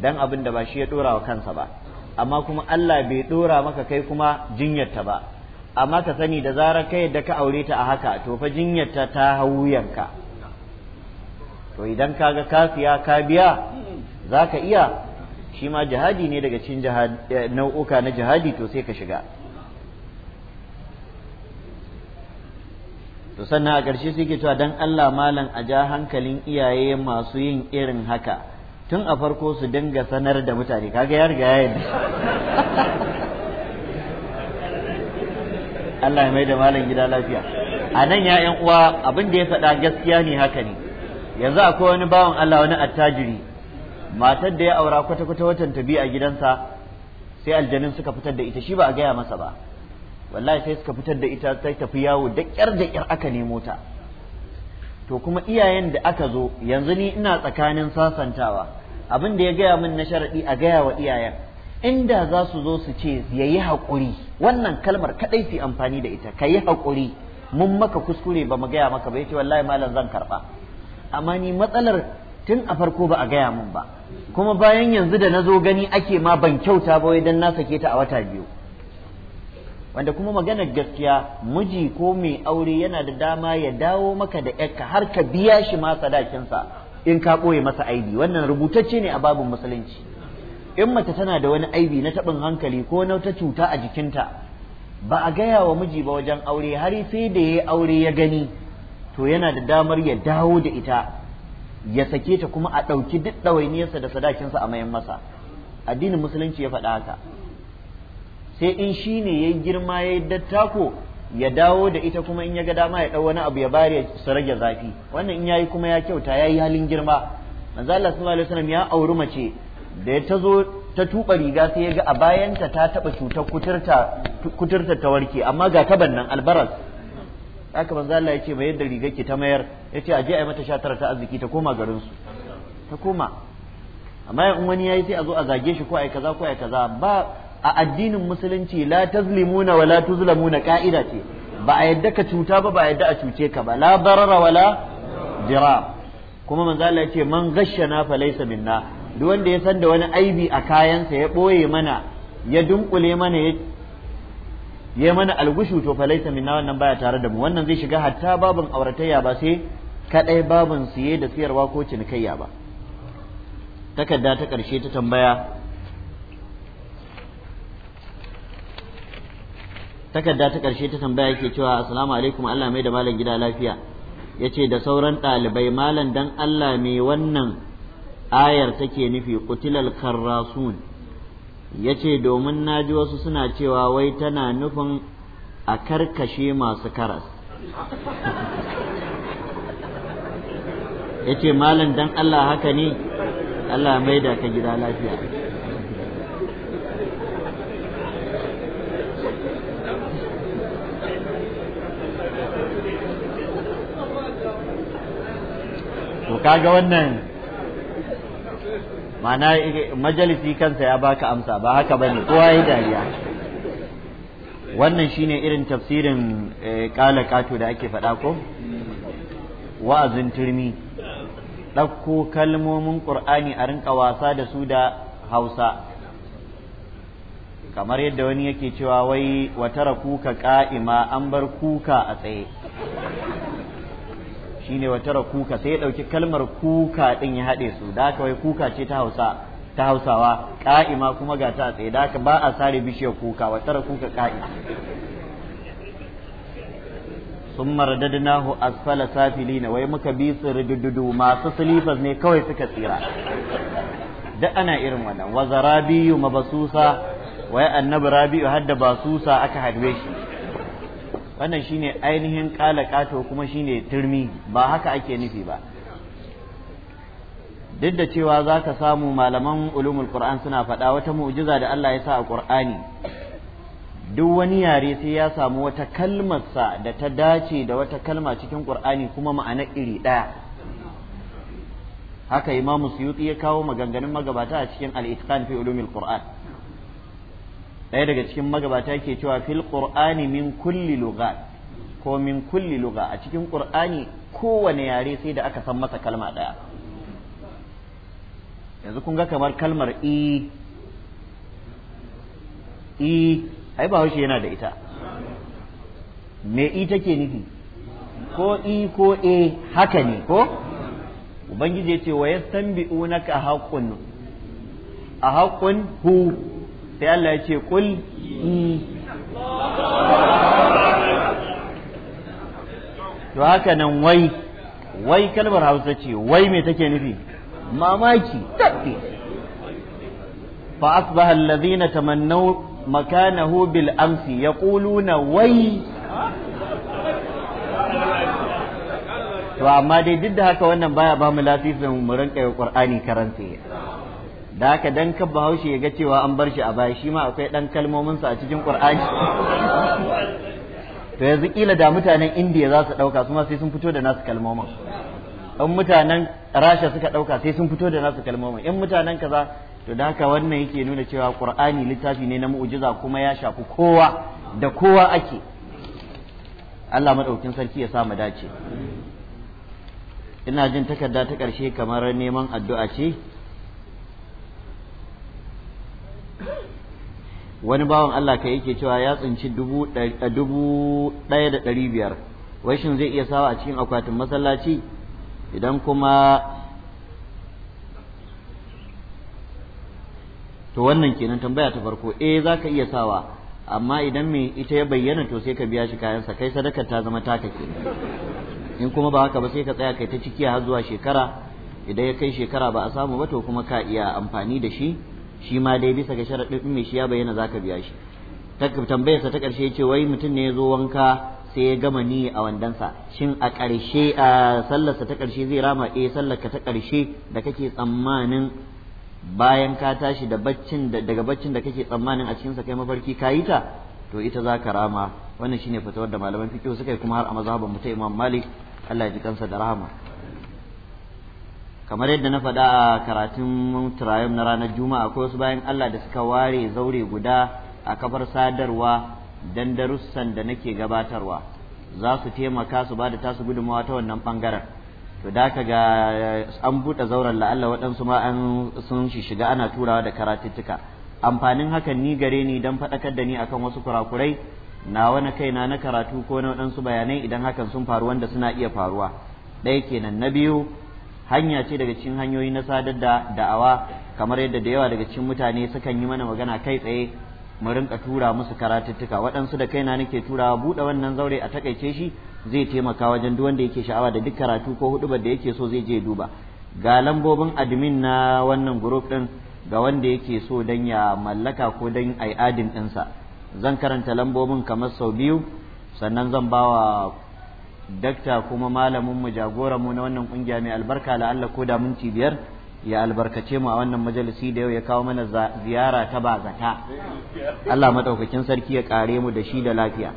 dan abin ba shi ya dora wa kansa ba amma kuma Allah bai dora maka kai kuma jinyarta ba amma ka sani da zarar kai da ka aure ta a haka to fa jinyarta ta hauyanka to idan ka ga kafiya ka biya za ka iya shi ma jihadi ne daga cikin eh, nau'uka na jihadi to sai ka shiga to sannan a ƙarshe sai ke cewa don Allah malam a ja hankalin iyaye masu yin irin haka tun a farko su dinga sanar da mutane kaga ya riga yayin Allah ya mai da malam gida lafiya a nan ya uwa abin da ya faɗa gaskiya ne haka ne yanzu akwai wani bawan Allah wani attajiri matar da ya aura kwata kwata watan ta biyu a gidansa sai aljanin suka fitar da ita shi ba a gaya masa ba wallahi sai suka fitar da ita sai tafi yawo da kyar da kyar aka nemo ta to kuma iyayen da aka zo yanzu ni ina tsakanin sasantawa abin da ya gaya min na sharaɗi a gaya wa iyayen inda za su zo su ce ya yi haƙuri wannan kalmar kaɗai su amfani da ita ka yi haƙuri mun maka kuskure ba mu gaya maka ba ya ce wallahi malam zan karɓa amma ni matsalar tun a farko ba a gaya mun ba kuma bayan yanzu da na zo gani ake ma ban kyauta ba wai dan na sake ta a wata biyu wanda kuma maganar gaskiya miji ko mai aure yana da dama ya dawo maka da ka har ka biya shi ma sadakinsa in ka ɓoye masa aibi wannan rubutacce ne a babin musulunci in mace tana da wani aibi na taɓin hankali ko na ta cuta a jikinta ba a gaya wa miji ba wajen aure har sai da ya aure ya gani to yana da damar ya dawo da ita ya sake ta kuma a ɗauki duk ɗawainiyarsa da sadakinsa a mayan masa addinin musulunci ya faɗa haka sai in shi ne ya yi girma ya yi dattako ya dawo da ita kuma in ya ga dama ya ɗau wani abu ya bari su rage zafi wannan in ya yi kuma ya kyauta ya yi halin girma manzo Allah sallallahu alaihi wasallam ya auri mace da ya tazo ta tuba riga sai ya ga a bayanta ta taba cutar kuturta ta warke amma ga taban nan albaras haka manzo Allah yace mai yadda rigar ki ta mayar yace a je a mata sha tara ta arziki ta koma garin su ta koma amma in wani yayi sai a zo a zage shi ko ai kaza ko ai kaza ba a addinin musulunci la tazlimuna wa tuzlamuna ka'ida ce ba a yadda ka cuta ba ba a yadda a cuce ka ba la darara wala jira kuma manzo Allah yace man gashshana fa laysa minna duk wanda ya san da wani aibi a kayansa ya boye mana ya dunkule mana ya ya mana algushu to fa laysa minna wannan baya tare da mu wannan zai shiga hatta babin auratayya ba sai kadai babin siye da siyarwa ko cinikayya ba takarda ta karshe ta tambaya takarda ta karshe ta tambaya yake cewa assalamu alaikum Allah mai da malam gida lafiya yace da sauran ɗalibai malam dan Allah mai wannan ayar take nufi qutilal kharrasun ya ce domin na ji wasu suna cewa wai tana nufin a karkashe masu karas ya ce malam dan Allah haka ne Allah mai da ka gida lafiya kaga wannan ma'ana majalisi kansa ya baka amsa ba haka bane kowa ya dariya wannan shine irin tafsirin eh, kala kato da ake faɗa ko wa'azin turmi ɗauko kalmomin ƙur'ani a rinka wasa da su da hausa kamar yadda wani yake cewa wai watara kuka ka'ima an bar kuka a tsaye shine wa tara kuka sai ya dauki kalmar kuka din ya haɗe su da haka wai kuka ce ta Hausa ta Hausawa ka'ima kuma ga ta tsaye da haka ba a sare bishiyar kuka wa tara kuka ka'ima sun maradadnahu asfala safilina wai muka bi su ridududu masu silifas ne kawai suka tsira da ana irin wannan wa zarabiyu mabasusa wai annabi rabi'u hadda basusa aka harbe shi wannan shine ainihin ƙala kato kuma shine turmi ba haka ake nufi ba duk da cewa za ka samu malaman ulumul qur'an suna faɗa wata mu'jiza da Allah ya sa a qur'ani duk wani yare sai ya samu wata kalmarsa da ta dace da wata kalma cikin qur'ani kuma ma'anar iri ɗaya haka imamu suyuti ya kawo maganganun magabata a cikin al-itqan fi ulumul qur'an ɗaya daga cikin magabata ke cewa fil qur'ani min kulli lugha ko min kulli lugha a cikin qur'ani kowane yare sai da aka san masa kalma ɗaya yanzu kun ga kamar kalmar i i ai bahaushe yana da ita me i take nufi ko i ko e haka ne ko ubangiji ya ce wa yastanbi'unaka haqqun a haqqun hu sai Allah ya ce kul to haka nan wai wai kalmar hausa ce wai me take nufi mamaki tabbi fa asbaha alladhina tamannaw makanahu bil amsi yaquluna wai to amma dai duk da haka wannan baya ba mu lafisin mu rinka yi qur'ani karanta da haka dan ka bahaushe ya ga cewa an bar shi a baya shi ma akwai dan kalmominsa a cikin qur'ani to yanzu kila da mutanen indiya za su dauka su sai sun fito da nasu kalmomin in mutanen rasha suka ɗauka sai sun fito da nasu kalmomin in mutanen kaza to da haka wannan yake nuna cewa qur'ani littafi ne na mu'jiza kuma ya shafi kowa da kowa ake Allah madaukin sarki ya sa mu dace ina jin takarda ta karshe kamar neman addu'a ce wani bawan Allah ka yake cewa ya tsinci dubu ɗaya da ɗari biyar washin zai iya sawa a cikin akwatin masallaci idan kuma to wannan kenan tambaya ta farko e za ka iya sawa amma idan me ita ya bayyana to sai ka biya shi kayansa kai sadakar ta zama taka ke in kuma ba haka ba sai ka tsaya kai ta ciki har zuwa shekara idan ya kai shekara ba a samu ba to kuma ka iya amfani da shi shi ma dai bisa ga sharaɗin mai shi ya bayyana zaka biya shi tambayarsa ta ƙarshe ce wai mutum ne ya zo wanka sai ya gama ni a wandansa shin a ƙarshe a sallarsa ta ƙarshe zai rama eh sallarka ta ƙarshe da kake tsammanin bayan ka tashi da baccin daga baccin da kake tsammanin a cikinsa kai mafarki ka yi ta to ita za ka rama wannan shine fatawar da malaman fiqh suka yi kuma har a mazhaban mu Imam Malik Allah ya ji kansa da rahama kamar yadda na faɗa a karatun turayim na ranar juma'a akwai wasu bayan Allah da suka ware zaure guda a kafar sadarwa dan darussan da nake gabatarwa za su taimaka su ba da tasu gudunmawa ta wannan ɓangaren. to da ka ga an buɗe zauren la'alla waɗansu ma an sun shiga ana turawa da karatuttuka amfanin hakan ni gare ni don faɗakar da ni akan wasu kurakurai nawa na kaina na karatu ko na waɗansu bayanai idan hakan sun faru wanda suna iya faruwa ɗaya kenan na biyu hanya ce daga cikin hanyoyi na sadar da da'awa kamar yadda da yawa daga cikin mutane sukan yi mana magana kai tsaye mu rinka tura musu karatuttuka waɗansu da kaina nake turawa buɗe wannan zaure a takaice shi zai taimaka wajen duk wanda yake sha'awa da duk karatu ko huɗubar da yake so zai je duba ga lambobin admin na wannan group din ga wanda yake so dan ya mallaka ko dan ai adin ɗinsa zan karanta lambobin kamar sau biyu sannan zan bawa dakta kuma malamin mu jagoran mu na wannan kungiya mai albarka Allah ko da minti biyar ya albarkace mu a wannan majalisi da yau ya kawo mana ziyara ta bazata Allah madaukakin sarki ya kare mu da shi da lafiya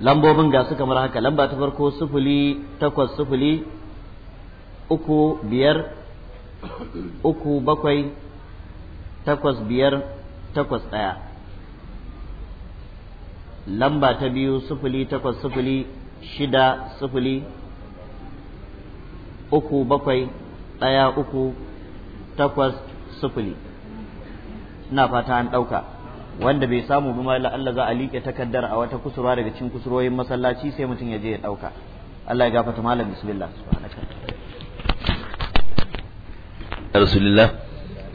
lambobin ga su kamar haka lamba ta farko sufuli takwas sufuli uku biyar uku bakwai takwas biyar takwas ɗaya lamba ta biyu sufuli takwas sufuli shida sufuli uku bakwai ɗaya uku takwas sufuli na fata an ɗauka wanda bai samu ba mai Allah za a liƙe takaddar a wata kusurwa daga cikin kusurwoyin masallaci sai mutum ya je ya ɗauka Allah ya gafata malam bismillah subhanaka rasulullah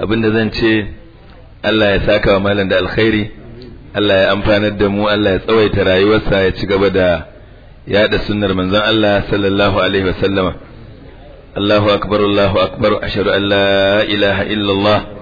abinda zan ce Allah ya saka wa malam da alkhairi Allah ya amfanar da mu Allah ya tsawaita rayuwarsa ya ci gaba da yada sunnar manzon Allah sallallahu alaihi wasallama Allahu akbar Allahu akbar ashhadu an la ilaha illallah